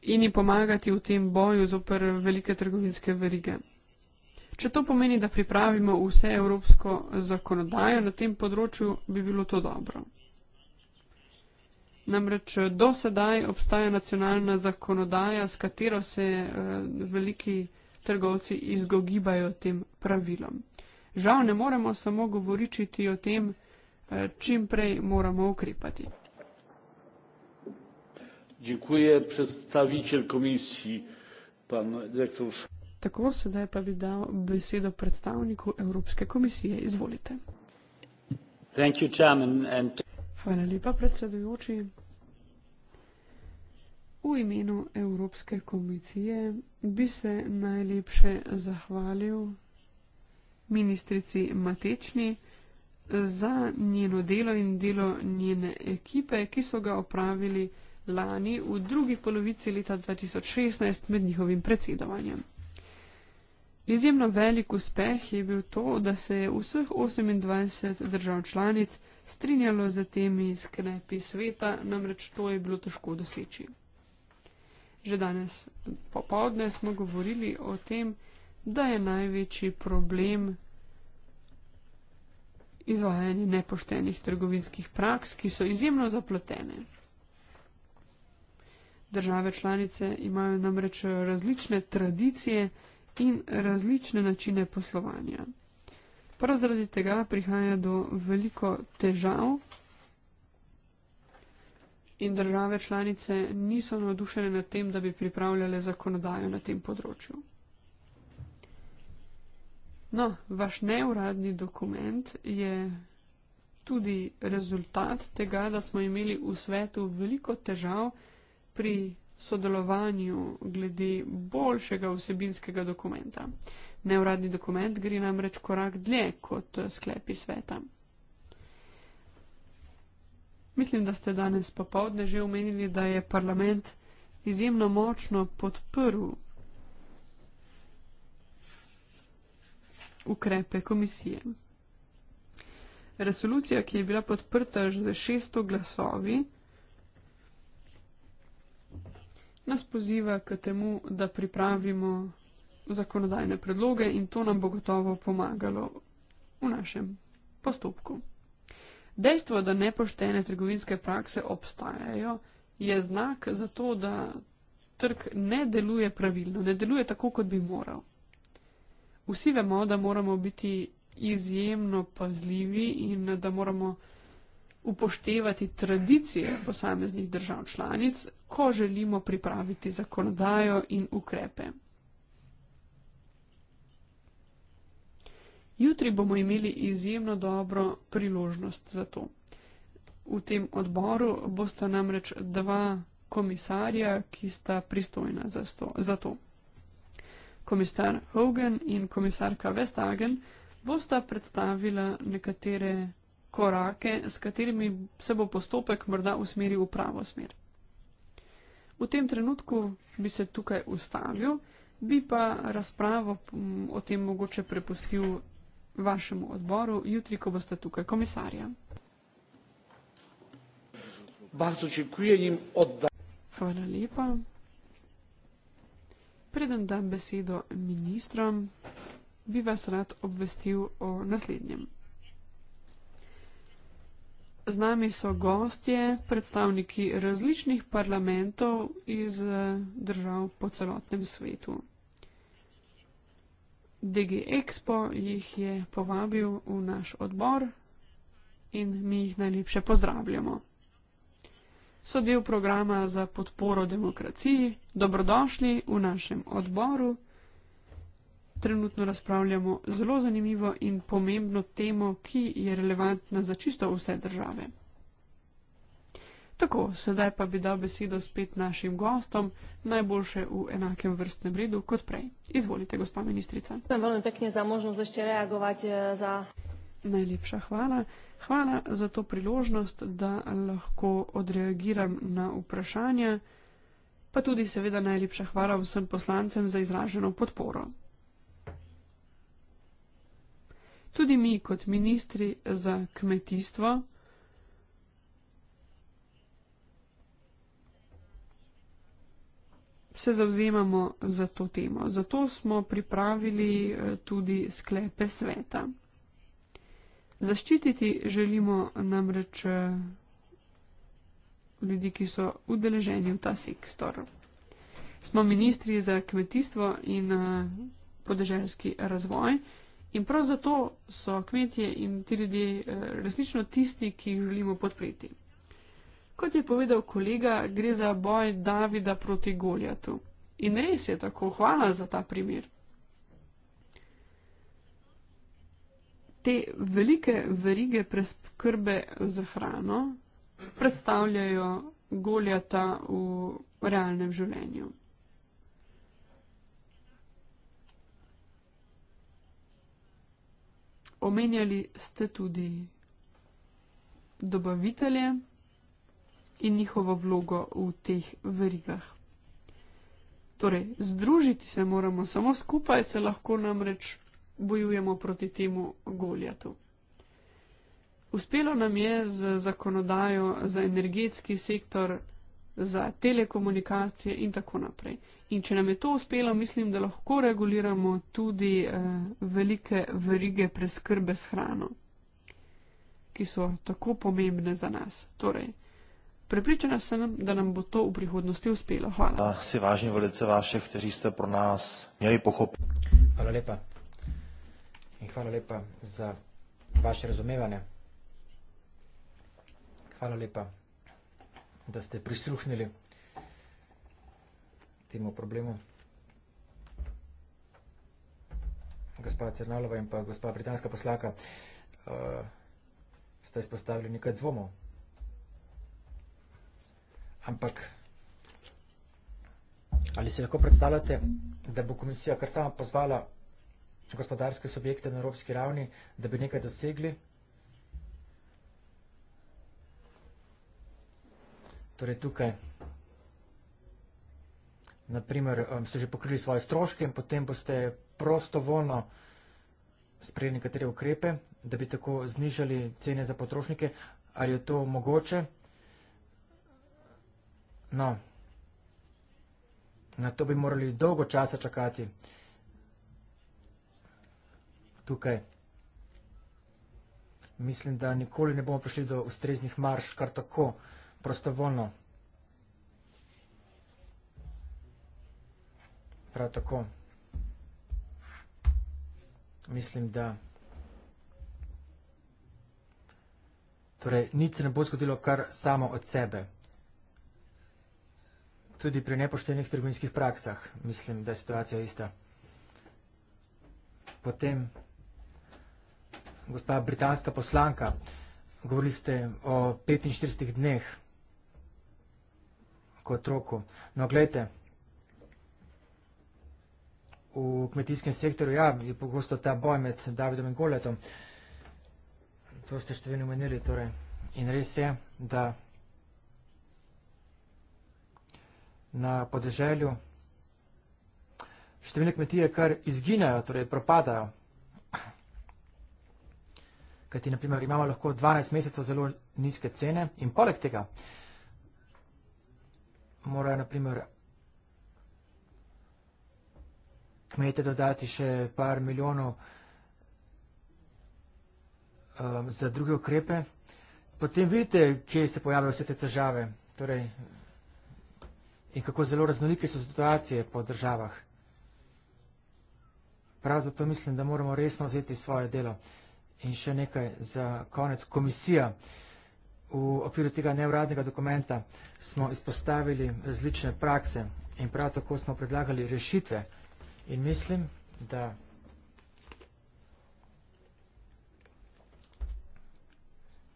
in jim pomagati v tem boju zoper velike trgovinske verige. Če to pomeni, da pripravimo vse evropsko zakonodajo na tem področju, bi bilo to dobro. Namreč do sedaj obstaja nacionalna zakonodaja, s katero se eh, veliki trgovci izogibajo tem pravilom. Žal ne moremo samo govoričiti o tem, eh, čim prej moramo ukrepati. Dziękuję. Przedstawiciel komisji, pan dyrektor. Tako, sedaj pa bi dal besedo predstavniku Evropske komisije. Izvolite. Thank you, and... Hvala lepa, predsedujoči. V imenu Evropske komisije bi se najlepše zahvalil ministrici Matečni za njeno delo in delo njene ekipe, ki so ga opravili lani v drugi polovici leta 2016 med njihovim predsedovanjem. Izjemno velik uspeh je bil to, da se je vseh 28 držav članic strinjalo z temi sklepi sveta, namreč to je bilo težko doseči. Že danes popovdne smo govorili o tem, da je največji problem izvajanje nepoštenih trgovinskih praks, ki so izjemno zapletene. Države članice imajo namreč različne tradicije in različne načine poslovanja. Prav zaradi tega prihaja do veliko težav in države članice niso navdušene nad tem, da bi pripravljale zakonodajo na tem področju. No, vaš neuradni dokument je tudi rezultat tega, da smo imeli v svetu veliko težav, pri sodelovanju glede boljšega vsebinskega dokumenta. Neuradni dokument gre namreč korak dlje kot sklepi sveta. Mislim, da ste danes popovdne že omenili, da je parlament izjemno močno podprl ukrepe komisije. Resolucija, ki je bila podprta že za 600 glasovi, nas poziva k temu, da pripravimo zakonodajne predloge in to nam bo gotovo pomagalo v našem postopku. Dejstvo, da nepoštene trgovinske prakse obstajajo, je znak za to, da trg ne deluje pravilno, ne deluje tako, kot bi moral. Vsi vemo, da moramo biti izjemno pazljivi in da moramo upoštevati tradicije posameznih držav članic, ko želimo pripraviti zakonodajo in ukrepe. Jutri bomo imeli izjemno dobro priložnost za to. V tem odboru bosta namreč dva komisarja, ki sta pristojna za to. Komisar Hogan in komisarka Vestagen bosta predstavila nekatere korake, s katerimi se bo postopek morda usmeril v pravo smer. V tem trenutku bi se tukaj ustavil, bi pa razpravo mm, o tem mogoče prepustil vašemu odboru, jutri, ko boste tukaj komisarja. Hvala lepa. Preden dam besedo ministrom, bi vas rad obvestil o naslednjem. Z nami so gostje, predstavniki različnih parlamentov iz eh, držav po celotnem svetu. DG Expo jih je povabil v naš odbor in mi jih najlepše pozdravljamo. So del programa za podporo demokraciji. Dobrodošli v našem odboru trenutno razpravljamo zelo zanimivo in pomembno temo, ki je relevantna za čisto vse države. Tako, sedaj pa bi dal besedo spet našim gostom, najboljše v enakem vrstnem redu kot prej. Izvolite, gospa ministrica. Eh, najlepša hvala. Hvala za to priložnost, da lahko odreagiram na vprašanja, pa tudi seveda najlepša hvala vsem poslancem za izraženo podporo. tudi mi kot ministri za kmetijstvo se zavzemamo za to temo. Zato smo pripravili eh, tudi sklepe sveta. Zaščititi želimo namreč eh, ljudi, ki so udeleženi v ta sektor. Smo ministri za kmetijstvo in eh, podeželjski razvoj. In prav zato so kmetje in ti ljudje eh, resnično tisti, ki jih želimo podpreti. Kot je povedal kolega, gre za boj Davida proti Goljatu. In res je tako, hvala za ta primer. Te velike verige preskrbe za hrano predstavljajo Goljata v realnem življenju. omenjali ste tudi dobavitelje in njihovo vlogo v teh verigah. Torej, združiti se moramo, samo skupaj se lahko namreč bojujemo proti temu goljatu. Uspelo nam je z zakonodajo za energetski sektor za telekomunikacije in tako naprej. In če nam je to uspelo, mislim, da lahko reguliramo tudi eh, velike verige preskrbe s hrano, ki so tako pomembne za nas. Torej, prepričana sem, da nam bo to v prihodnosti uspelo. Hvala. Se vážim velice vaše, kteri ste pro nas imeli pohop. Hvala lepa. In hvala lepa za vaše razumevanje. Hvala lepa da ste prisluhnili temu problemu. Gospa Cernalova in pa gospa britanska poslaka uh, eh, sta izpostavili nekaj dvomov. Ampak ali si lahko predstavljate, da bo komisija kar sama pozvala gospodarske subjekte na evropski ravni, da bi nekaj dosegli? Torej tukaj, naprimer, um, ste že pokrili svoje stroške in potem boste prostovoljno sprejeli nekatere ukrepe, da bi tako znižali cene za potrošnike. Ali je to mogoče? No, na to bi morali dolgo časa čakati. Tukaj. Mislim, da nikoli ne bomo prišli do ustreznih marš kar tako prostovoljno. Prav tako mislim, da torej, nič se ne bo zgodilo kar samo od sebe. Tudi pri nepoštenih trgovinskih praksah mislim, da je situacija ista. Potem, gospa britanska poslanka, govorili ste o 45 dneh k otroku. No, gledajte, v kmetijskem sektorju, ja, je pogosto ta boj med Davidom in Goletom. To ste številni omenili, torej. In res je, da na podeželju številne kmetije kar izginajo, torej propadajo. Kajti, na primer, imamo lahko 12 mesecev zelo nizke cene in poleg tega morajo na primer kmete dodati še par milijonov um, za druge ukrepe, potem vidite, kje se pojavljajo vse te težave torej, in kako zelo raznolike so situacije po državah. Prav zato mislim, da moramo resno vzeti svoje delo. In še nekaj za konec. Komisija. Uh, V okviru tega nevradnega dokumenta smo izpostavili različne prakse in prav tako smo predlagali rešitve in mislim, da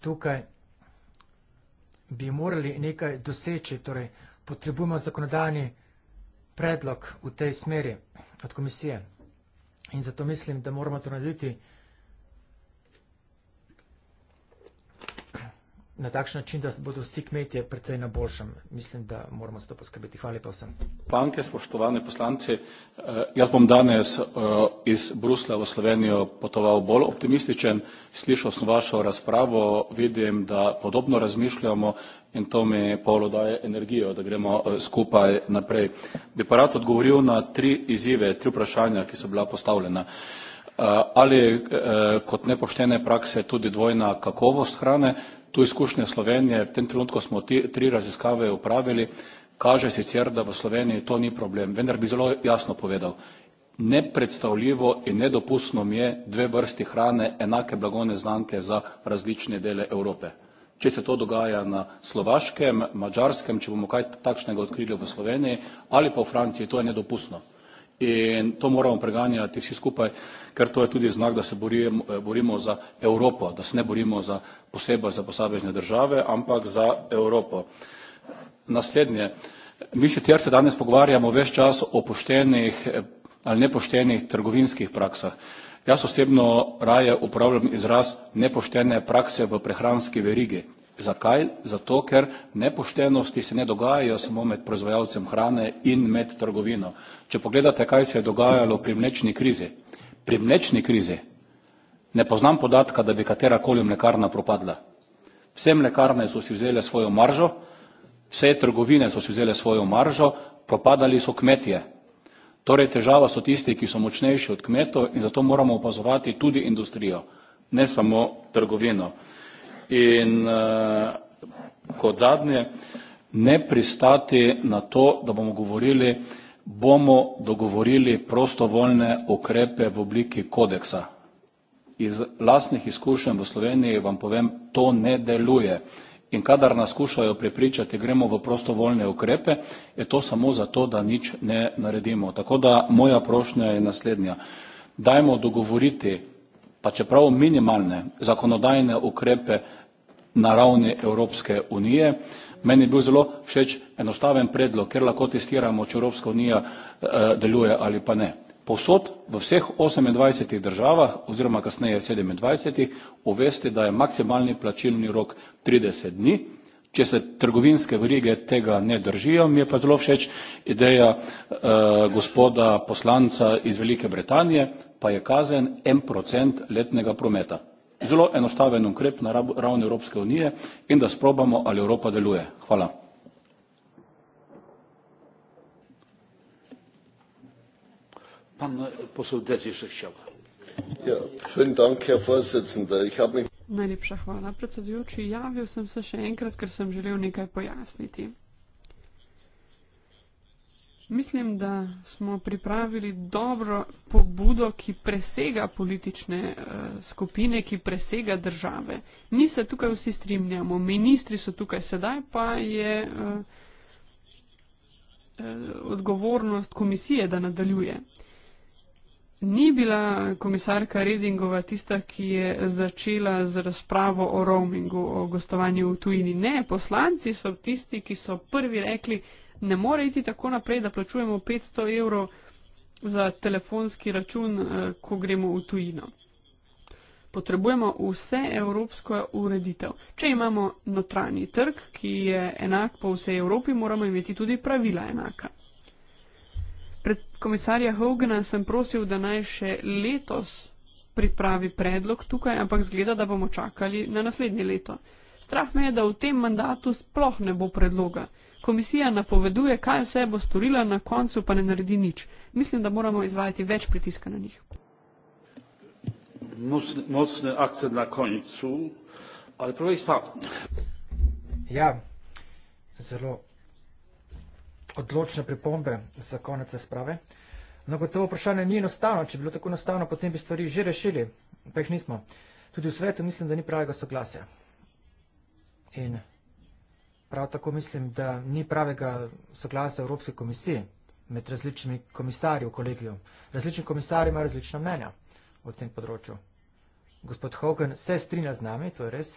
tukaj bi morali nekaj doseči, torej potrebujemo zakonodani predlog v tej smeri od komisije in zato mislim, da moramo to narediti vsega, na takšen način, da bodo vsi kmetje predvsej na boljšem. Mislim, da moramo za to poskrbeti. Hvala lepa vsem. Panke, spoštovane poslanci, eh, jaz bom danes eh, iz Brusla v Slovenijo potoval bolj optimističen. Slišal sem vašo razpravo, vidim, da podobno razmišljamo in to mi polo daje energijo, da gremo eh, skupaj naprej. Bi pa rad odgovoril na tri izzive, tri vprašanja, ki so bila postavljena. Ali kot nepoštene prakse tudi dvojna kakovost hrane, tu izkušnje Slovenije, v tem trenutku smo ti, tri raziskave upravili, kaže sicer, da v Sloveniji to ni problem, vendar bi zelo jasno povedal, nepredstavljivo in nedopustno mi je dve vrsti hrane enake blagovne znamke za različne dele Evrope. Če se to dogaja na slovaškem, mađarskem, če bomo kaj takšnega odkrili v Sloveniji ali pa v Franciji, to je nedopustno. In to moramo preganjati vsi skupaj, ker to je tudi znak, da se borimo, eh, borimo za Evropo, da se ne borimo za posebej za posamezne države, ampak za Evropo. Naslednje, mi sicer se danes pogovarjamo več čas o poštenih eh, ali nepoštenih trgovinskih praksah. Jaz osebno raje uporabljam izraz nepoštene prakse v prehranski verigi. Zakaj? Zato, ker nepoštenosti se ne dogajajo samo med proizvajalcem hrane in med trgovino. Če pogledate, kaj se je dogajalo pri mlečni krizi, pri mlečni krizi ne poznam podatka, da bi katerakoli mlekarna propadla. Vse mlekarne so si vzele svojo maržo, vse trgovine so si vzele svojo maržo, propadali so kmetje. Torej, težava so tisti, ki so močnejši od kmetov in zato moramo opazovati tudi industrijo, ne samo trgovino in eh, kot zadnje ne pristati na to, da bomo govorili, bomo dogovorili prostovoljne ukrepe v obliki kodeksa. Iz lastnih izkušenj v Sloveniji vam povem, to ne deluje. In kadar nas skušajo prepričati, gremo v prostovoljne ukrepe, je to samo zato, da nič ne naredimo. Tako da moja prošnja je naslednja. Dajmo dogovoriti, pa čeprav minimalne zakonodajne ukrepe na ravni Evropske unije. Meni je bil zelo všeč enostaven predlog, ker lahko testiramo, če Evropska unija eh, deluje ali pa ne. Posod v vseh 28 državah oziroma kasneje 27 uvesti, da je maksimalni plačilni rok 30 dni, če se trgovinske verige tega ne držijo, mi je pa zelo všeč ideja eh, gospoda poslanca iz Velike Britanije, pa je kazen en procent letnega prometa zelo enostaven ukrep na ravni Evropske unije in da sprobamo, ali Evropa deluje. Hvala. Pan posoldec je še šel. Ja, vielen Dank, Herr Vorsitzender. Ich habe mich... Najlepša hvala, predsedujoči. Javil sem se še enkrat, ker sem želel nekaj pojasniti. Mislim, da smo pripravili dobro pobudo, ki presega politične uh, skupine, ki presega države. Mi se tukaj vsi strimljamo, ministri so tukaj sedaj, pa je uh, odgovornost komisije, da nadaljuje. Ni bila komisarka Redingova tista, ki je začela z razpravo o roamingu, o gostovanju v tujini. Ne, poslanci so tisti, ki so prvi rekli, da ne more iti tako naprej, da plačujemo 500 evrov za telefonski račun, eh, ko gremo v tujino. Potrebujemo vse evropsko ureditev. Če imamo notranji trg, ki je enak po vsej Evropi, moramo imeti tudi pravila enaka. Pred komisarja Hogana sem prosil, da naj še letos pripravi predlog tukaj, ampak zgleda, da bomo čakali na naslednje leto. Strah me je, da v tem mandatu sploh ne bo predloga. Komisija napoveduje, kaj vse bo storila, na koncu pa ne naredi nič. Mislim, da moramo izvajati več pritiska na njih. Močne akcije na koncu, ali prvi spav. Ja, zelo odločne pripombe za konec razprave. No, gotovo vprašanje ni enostavno. Če bi bilo tako enostavno, potem bi stvari že rešili, pa jih nismo. Tudi v svetu mislim, da ni pravega soglasja. In Prav tako mislim, da ni pravega soglasja Evropske komisije med različnimi komisarji v kolegiju. Različni komisari imajo različna mnenja v tem področju. Gospod Hogan se strinja z nami, to je res.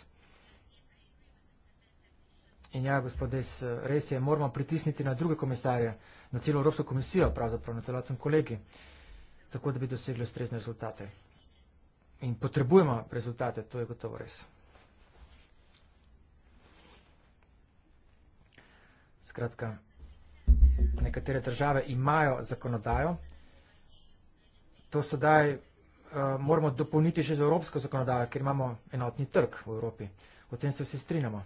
In ja, gospod Des, res je, moramo pritisniti na druge komisarje, na celo Evropsko komisijo, pravzaprav na celoten kolegi, tako da bi dosegli ustrezne rezultate. In potrebujemo rezultate, to je gotovo res. Skratka, nekatere države imajo zakonodajo, to sedaj uh, moramo dopolniti še z evropsko zakonodajo, ker imamo enotni trg v Evropi. O tem se vsi strinjamo.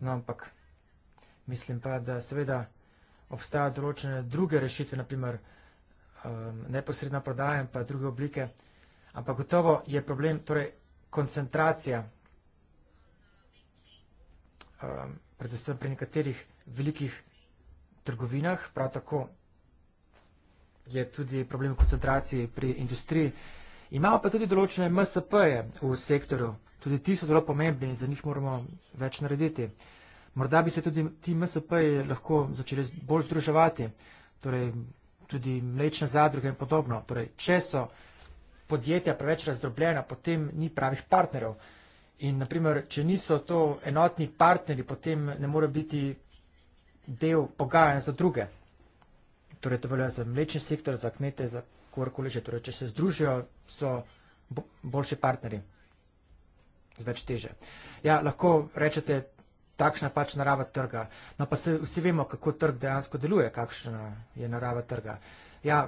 No, ampak mislim pa, da seveda obstaja določene druge rešitve, naprimer um, ehm, neposredna prodaja in pa druge oblike, ampak gotovo je problem, torej koncentracija um, predvsem pri nekaterih velikih trgovinah, prav tako je tudi problem koncentracije pri industriji. Imamo pa tudi določene MSP-je v sektorju, tudi ti so zelo pomembni in za njih moramo več narediti. Morda bi se tudi ti MSP-ji lahko začeli bolj združevati, torej tudi mlečne zadruge in podobno. Torej, če so podjetja preveč razdrobljena, potem ni pravih partnerjev. In naprimer, če niso to enotni partnerji, potem ne more biti del pogajanja za druge. Torej, to velja za mlečni sektor, za kmete, za kogarkoli že. Torej, če se združijo, so boljši partnerji. Zveč teže. Ja, lahko rečete, takšna pač narava trga. No, pa se vsi vemo, kako trg dejansko deluje, kakšna je narava trga. Ja,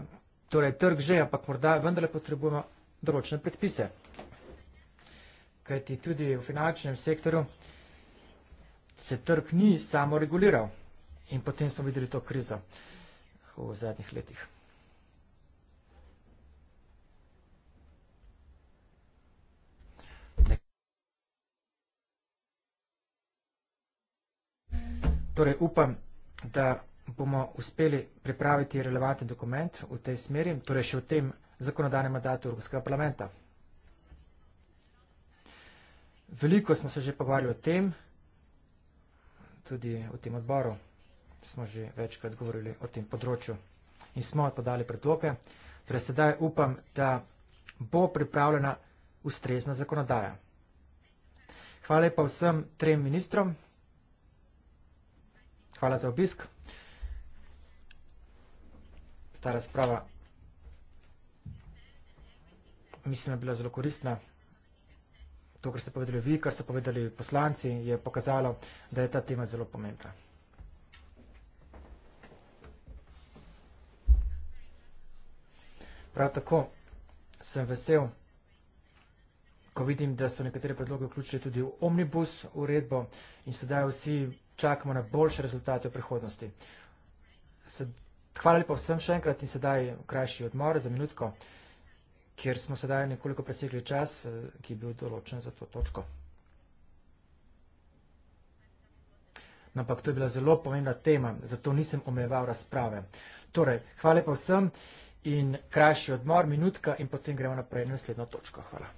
torej, trg že, ampak morda vendarle potrebujemo določene predpise kajti tudi v finančnem sektoru se trg ni samo reguliral in potem smo videli to krizo v zadnjih letih. Torej upam, da bomo uspeli pripraviti relevanten dokument v tej smeri, torej še v tem zakonodanem mandatu Evropskega parlamenta. Veliko smo se že pogovarjali o tem, tudi v tem odboru smo že večkrat govorili o tem področju in smo podali predloge. Torej sedaj upam, da bo pripravljena ustrezna zakonodaja. Hvala pa vsem trem ministrom. Hvala za obisk. Ta razprava mislim, da je bila zelo koristna to, kar ste povedali vi, kar so povedali poslanci, je pokazalo, da je ta tema zelo pomembna. Prav tako sem vesel, ko vidim, da so nekatere predloge vključili tudi v omnibus uredbo in sedaj vsi čakamo na boljše rezultate v prihodnosti. Hvala lepa vsem še enkrat in sedaj krajši odmor za minutko kjer smo sedaj nekoliko presegli čas, eh, ki je bil določen za to točko. No, ampak to je bila zelo pomembna tema, zato nisem omejeval razprave. Torej, hvala pa vsem in krajši odmor, minutka in potem gremo naprej na naslednjo točko. Hvala.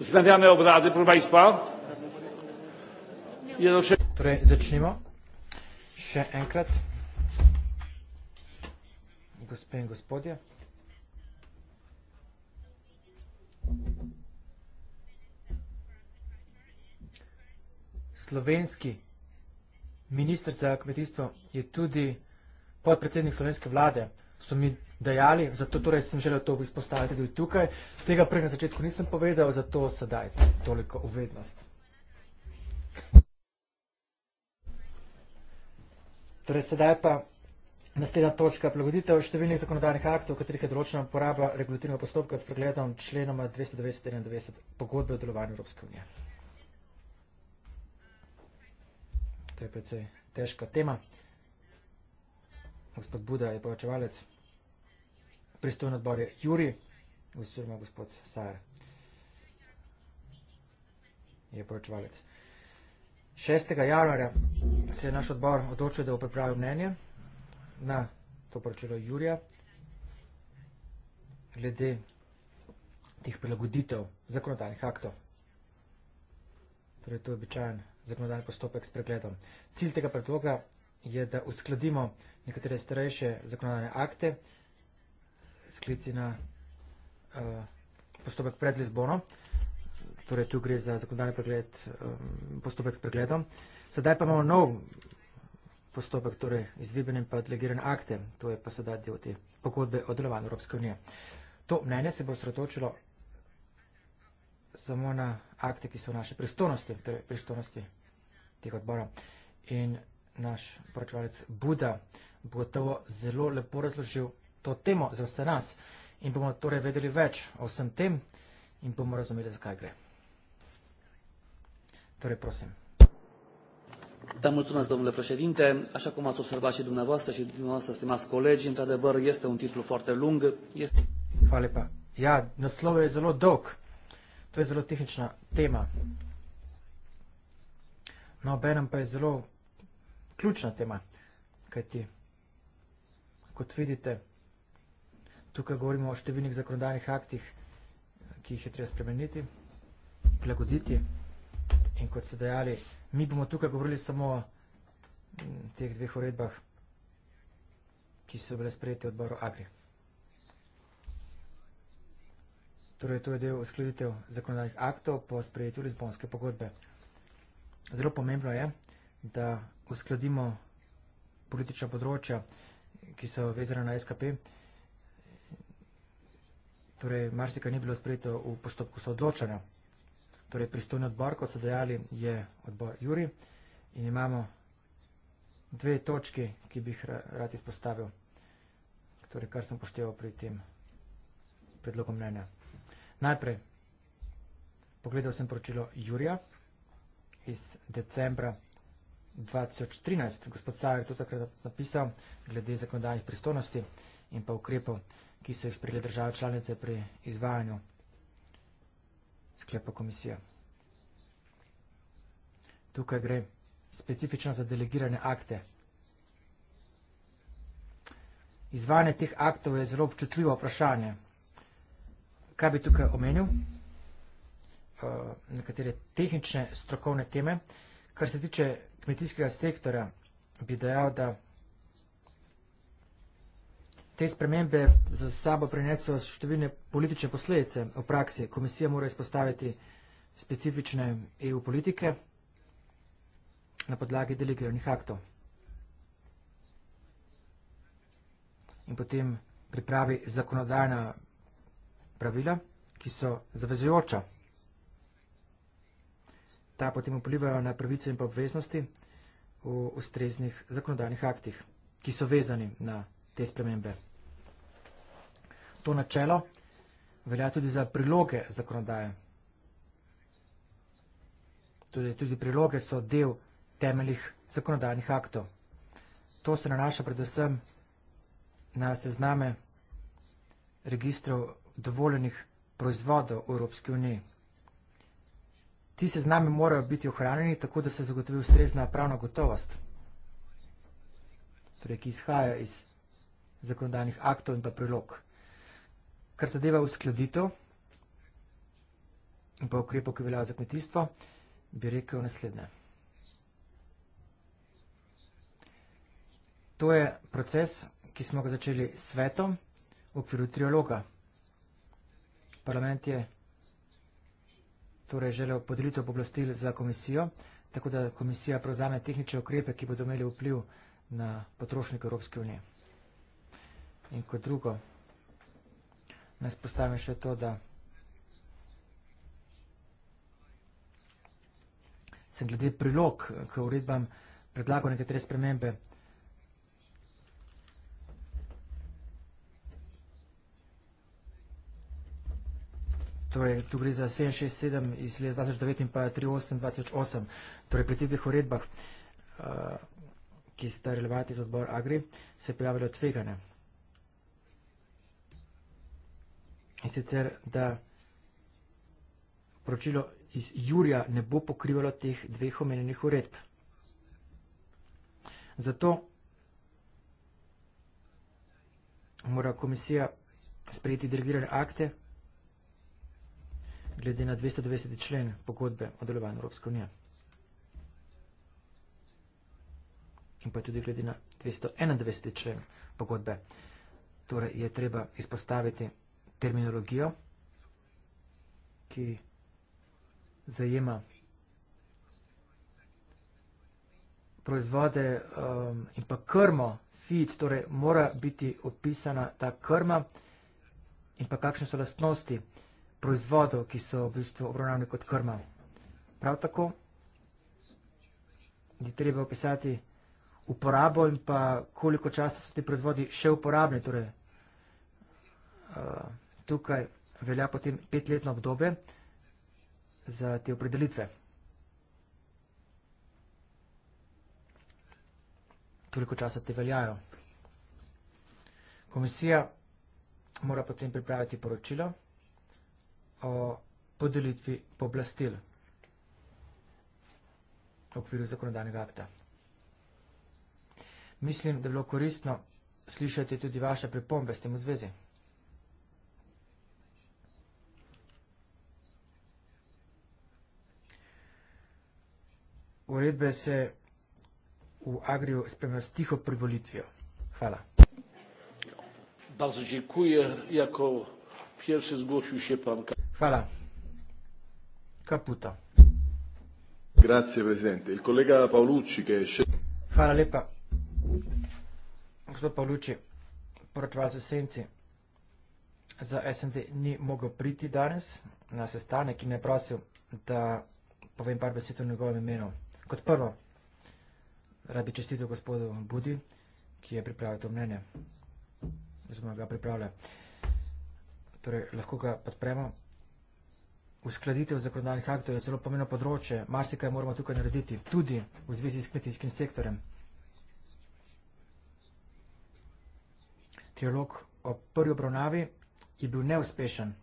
wznawiamy obrady proszę państwa. Torej, slovenski minister za kmetijstvo je tudi podpredsednik slovenske vlade so mi dejali, zato torej sem želel to izpostaviti tudi tukaj. Tega prej na začetku nisem povedal, zato sedaj toliko uvednost. Torej sedaj pa naslednja točka prilagoditev številnih zakonodajnih aktov, v katerih je določena poraba regulativnega postopka s pregledom členoma 291 pogodbe o delovanju Evropske unije. To je precej težka tema gospod Buda je poročevalec, pristojen odbor je Juri, oziroma gospod Sajer je poročevalec. 6. januarja se je naš odbor odločil, da bo pripravil mnenje na to poročilo Jurija glede teh prilagoditev zakonodajnih aktov. Torej, to je običajen zakonodajni postopek s pregledom. Cilj tega predloga je, da uskladimo nekatere starejše zakonodajne akte, sklici na uh, postopek pred Lizbono, torej tu gre za zakonodajni pregled, um, postopek s pregledom. Sedaj pa imamo nov postopek, torej izvibene pa delegirane akte, to je pa sedaj del te pogodbe o delovanju Evropske unije. To mnenje se bo sredotočilo samo na akte, ki so v naše pristojnosti, torej pristojnosti teh odbora. In naš poročevalec Buda bo gotovo zelo lepo razložil to temo za vse nas in bomo torej vedeli več o vsem tem in bomo razumeli, zakaj gre. Torej, prosim. Da, mulțumesc, domnule președinte. Așa cum ați observat și dumneavoastră și dumneavoastră, stimați colegi, într-adevăr, este un titlu foarte lung. Este... Fale, pa. Ia, ja, e zelo dog. To e zelo tehnična tema. No, benem pa e zelo ključna tema. Că ti... Te kot vidite, tukaj govorimo o številnih zakonodajnih aktih, ki jih je treba spremeniti, prilagoditi. In kot ste dejali, mi bomo tukaj govorili samo o teh dveh uredbah, ki so bile sprejete odboru Agri. Torej, to je del uskladitev zakonodajnih aktov po sprejetju Lizbonske pogodbe. Zelo pomembno je, da uskladimo politična področja, ki so vezane na SKP. Torej, marsika ni bilo sprejeto v postopku soodločanja. Torej, pristojni odbor, kot so dejali, je odbor Juri in imamo dve točki, ki bi jih rad izpostavil, torej, kar sem pošteval pri tem predlogom mnenja. Najprej, pogledal sem poročilo Jurija iz decembra 2020. 2013. Gospod Sajer je to takrat napisal glede zakonodajnih pristojnosti in pa ukrepov, ki so jih sprejeli države članice pri izvajanju sklepa komisije. Tukaj gre specifično za delegirane akte. Izvajanje teh aktov je zelo občutljivo vprašanje. Kaj bi tukaj omenil? Eh, nekatere tehnične strokovne teme, kar se tiče kmetijskega sektora, bi dejal, da te spremembe za sabo prinesejo številne politične posledice v praksi. Komisija mora izpostaviti specifične EU politike na podlagi delegiranih aktov in potem pripravi zakonodajna pravila, ki so zavezujoča ta potem vplivajo na pravice in pa obveznosti v ustreznih zakonodajnih aktih, ki so vezani na te spremembe. To načelo velja tudi za priloge zakonodaje. Tudi, tudi priloge so del temeljih zakonodajnih aktov. To se nanaša predvsem na sezname registrov dovoljenih proizvodov v Evropski uniji ti se z nami morajo biti ohranjeni, tako da se zagotovi ustrezna pravna gotovost, torej, ki izhajajo iz zakonodajnih aktov in pa prilog. Kar zadeva uskladitev in pa ukrepov, ki veljajo za kmetijstvo, bi rekel naslednje. To je proces, ki smo ga začeli s svetom v okviru trialoga. Parlament je torej želel podelitev poblastil za komisijo, tako da komisija prevzame tehnične ukrepe, ki bodo imeli vpliv na potrošnike Evropske unije. In kot drugo, nas postavi še to, da sem glede prilog k uredbam predlagal nekatere spremembe. Torej, tu gre za 767 iz leta 2009 in pa 3828. Torej, pri teh dveh uredbah, uh, ki sta relevanti za odbor Agri, se je pojavilo tveganje. In sicer, da poročilo iz Jurja ne bo pokrivalo teh dveh omenjenih uredb. Zato mora komisija sprejeti delegirane akte, glede na 290. člen pogodbe o delovanju Evropske unije. In pa tudi glede na 291. člen pogodbe. Torej je treba izpostaviti terminologijo, ki zajema proizvode um, in pa krmo, feed, torej mora biti opisana ta krma in pa kakšne so lastnosti uh, proizvodov, ki so v bistvu obravnavni kot krma. Prav tako je treba opisati uporabo in pa koliko časa so ti proizvodi še uporabni. Torej, eh, tukaj velja potem petletno obdobje za te opredelitve. Toliko časa te veljajo. Komisija mora potem pripraviti poročilo o podelitvi poblastil v okviru zakonodajnega akta. Mislim, da je bilo koristno slišati tudi vaše pripombe s tem v zvezi. Uredbe se v Agriju spremljajo s tiho privolitvijo. Hvala. Bardzo dziękuję. Jako pierwszy zgłosił się pan... Hvala. Caputo. Grazie Presidente. Il collega Paolucci che è scelto... Hvala lepa. Gospod Paolucci, poročevalc v Senci za SND ni mogel priti danes na sestanek in je prosil, da povem par besed o njegovem imenu. Kot prvo, rad bi čestitil gospodu Budi, ki je pripravil to mnenje. Zdaj smo ga pripravljali. Torej, lahko ga podpremo uskladitev zakonodajnih aktov je zelo pomembno področje, marsikaj moramo tukaj narediti, tudi v zvezi s kmetijskim sektorem. Trilog o prvi obravnavi je bil neuspešen.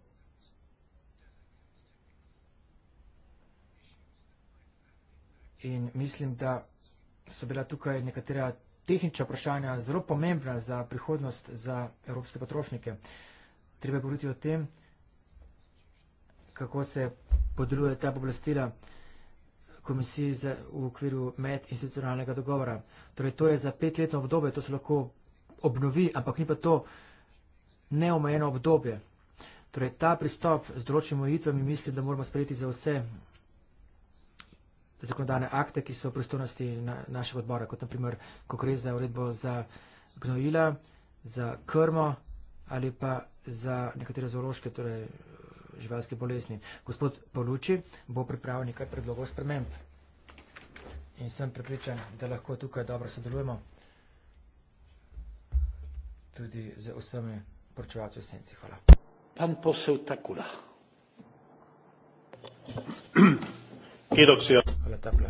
In mislim, da so bila tukaj nekatera tehnična vprašanja zelo pomembna za prihodnost za evropske potrošnike. Treba govoriti o tem, da kako se podeljuje ta pooblastila komisiji za, v okviru medinstitucionalnega dogovora. Torej, to je za petletno obdobje, to se lahko obnovi, ampak ni pa to neomejeno obdobje. Torej, ta pristop z določenimi omejitvami mislim, da moramo sprejeti za vse zakonodane akte, ki so v pristojnosti na, našega odbora, kot naprimer, ko gre za uredbo za gnojila, za krmo ali pa za nekatere zoološke, torej živalske bolezni. Gospod Poluči bo pripravil nekaj predlogov sprememb. In sem pripričan, da lahko tukaj dobro sodelujemo tudi z vsemi porčevalci v senci. Hvala. Pan posel Takula. (clears throat) Kedoksija. Hvala, Tapla.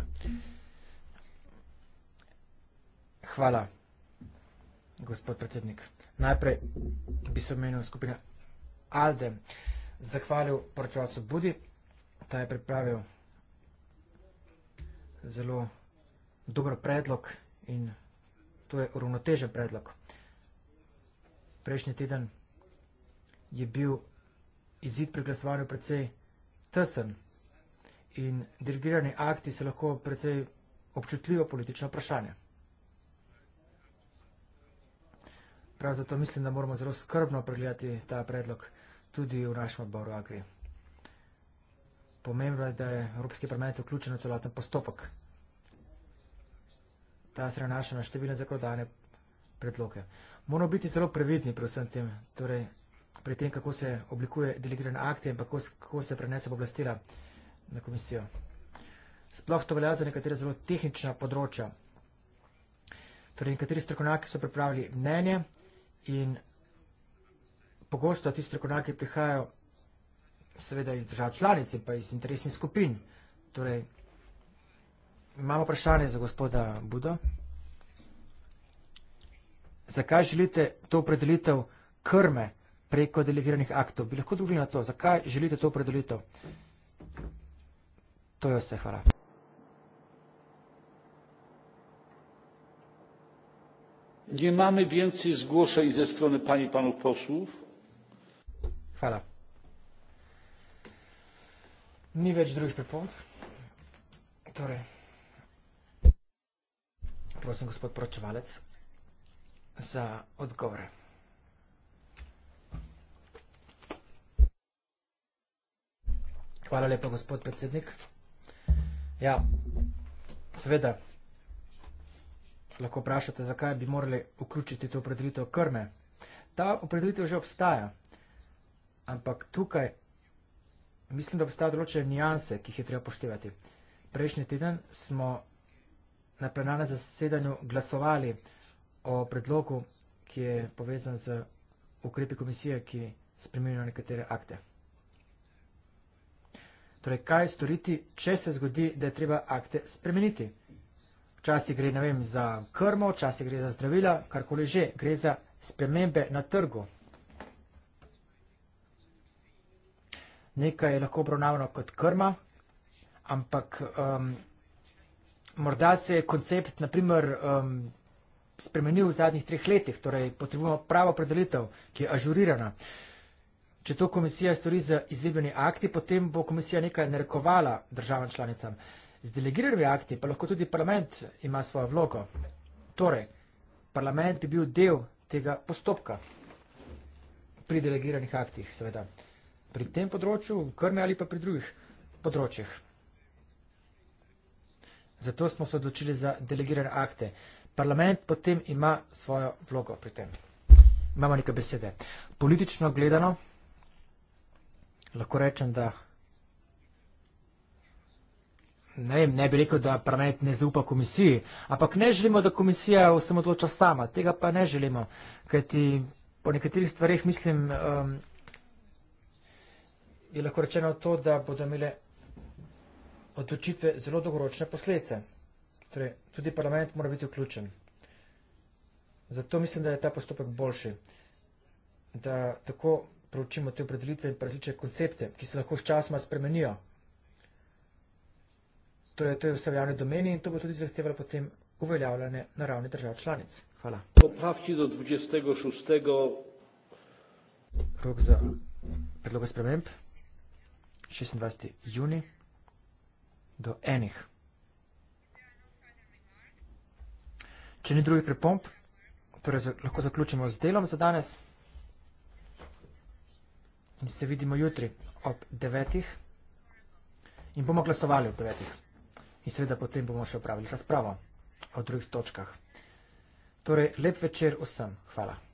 Hvala, gospod predsednik. Najprej bi se omenil skupina Alde zahvalil poročevalcu Budi. Ta je pripravil zelo dober predlog in to je uravnotežen predlog. Prejšnji teden je bil izid pri glasovanju precej tesen in dirigirani akti se lahko precej občutljivo politično vprašanje. Prav zato mislim, da moramo zelo skrbno pregledati ta predlog predlog tudi v naš odbor Agri. Pomembno je, da je Evropski parlament vključen v celoten postopek. Ta se nanaša na številne zakonodajne predloge. Moramo biti zelo previdni pri vsem tem, torej pri tem, kako se oblikuje delegirane akte in kako, kako se prenese oblastila na komisijo. Sploh to velja za nekatere zelo tehnična področja. Torej, nekateri strokovnjaki so pripravili mnenje in pogosto ti strokovnjaki prihajajo seveda iz držav članice pa iz interesnih skupin. Torej, imamo vprašanje za gospoda Budo. Zakaj želite to predelitev krme preko delegiranih aktov? Bi lahko drugi na to? Zakaj želite to predelitev? To je vse, hvala. Nie mamy więcej zgłoszeń ze strony Pani i Panów Posłów Hvala. Ni več drugih pripomb. Torej, prosim, gospod poročevalec, za odgovore. Hvala lepa, gospod predsednik. Ja, seveda, lahko vprašate, zakaj bi morali vključiti to opredelitev krme. Ta opredelitev že obstaja, ampak tukaj mislim, da obstajajo določene nijanse, ki jih je treba poštevati. Prejšnji teden smo na plenarnem zasedanju glasovali o predlogu, ki je povezan z ukrepi komisije, ki spremenijo nekatere akte. Torej, kaj storiti, če se zgodi, da je treba akte spremeniti? Včasih gre, ne vem, za krmo, včasih gre za zdravila, karkoli že, gre za spremembe na trgu. nekaj je lahko obravnavano kot krma, ampak um, morda se je koncept naprimer um, spremenil v zadnjih treh letih, torej potrebujemo pravo predelitev, ki je ažurirana. Če to komisija stori za izvedbeni akti, potem bo komisija nekaj narekovala državam članicam. Z delegiranimi akti pa lahko tudi parlament ima svojo vlogo. Torej, parlament bi bil del tega postopka pri delegiranih aktih, seveda pri tem področju, v krme ali pa pri drugih področjih. Zato smo se odločili za delegirane akte. Parlament potem ima svojo vlogo pri tem. Imamo nekaj besede. Politično gledano, lahko rečem, da ne, vem, ne bi rekel, da parlament ne zaupa komisiji, ampak ne želimo, da komisija vsem odloča sama. Tega pa ne želimo, kajti po nekaterih stvarih mislim, um, je lahko rečeno to, da bodo imele odločitve zelo dolgoročne posledice. Torej, tudi parlament mora biti vključen. Zato mislim, da je ta postopek boljši, da tako proučimo te opredelitve in različne koncepte, ki se lahko s časoma spremenijo. Torej, to je vse v javni domeni in to bo tudi zahtevalo potem uveljavljanje na ravni držav članic. Hvala. Popravki do 26. Rok za predloga sprememb. 26. juni do enih. Če ni drugih pripomp, torej lahko zaključimo z delom za danes in se vidimo jutri ob devetih in bomo glasovali ob devetih in seveda potem bomo še opravili razpravo o drugih točkah. Torej, lep večer vsem. Hvala.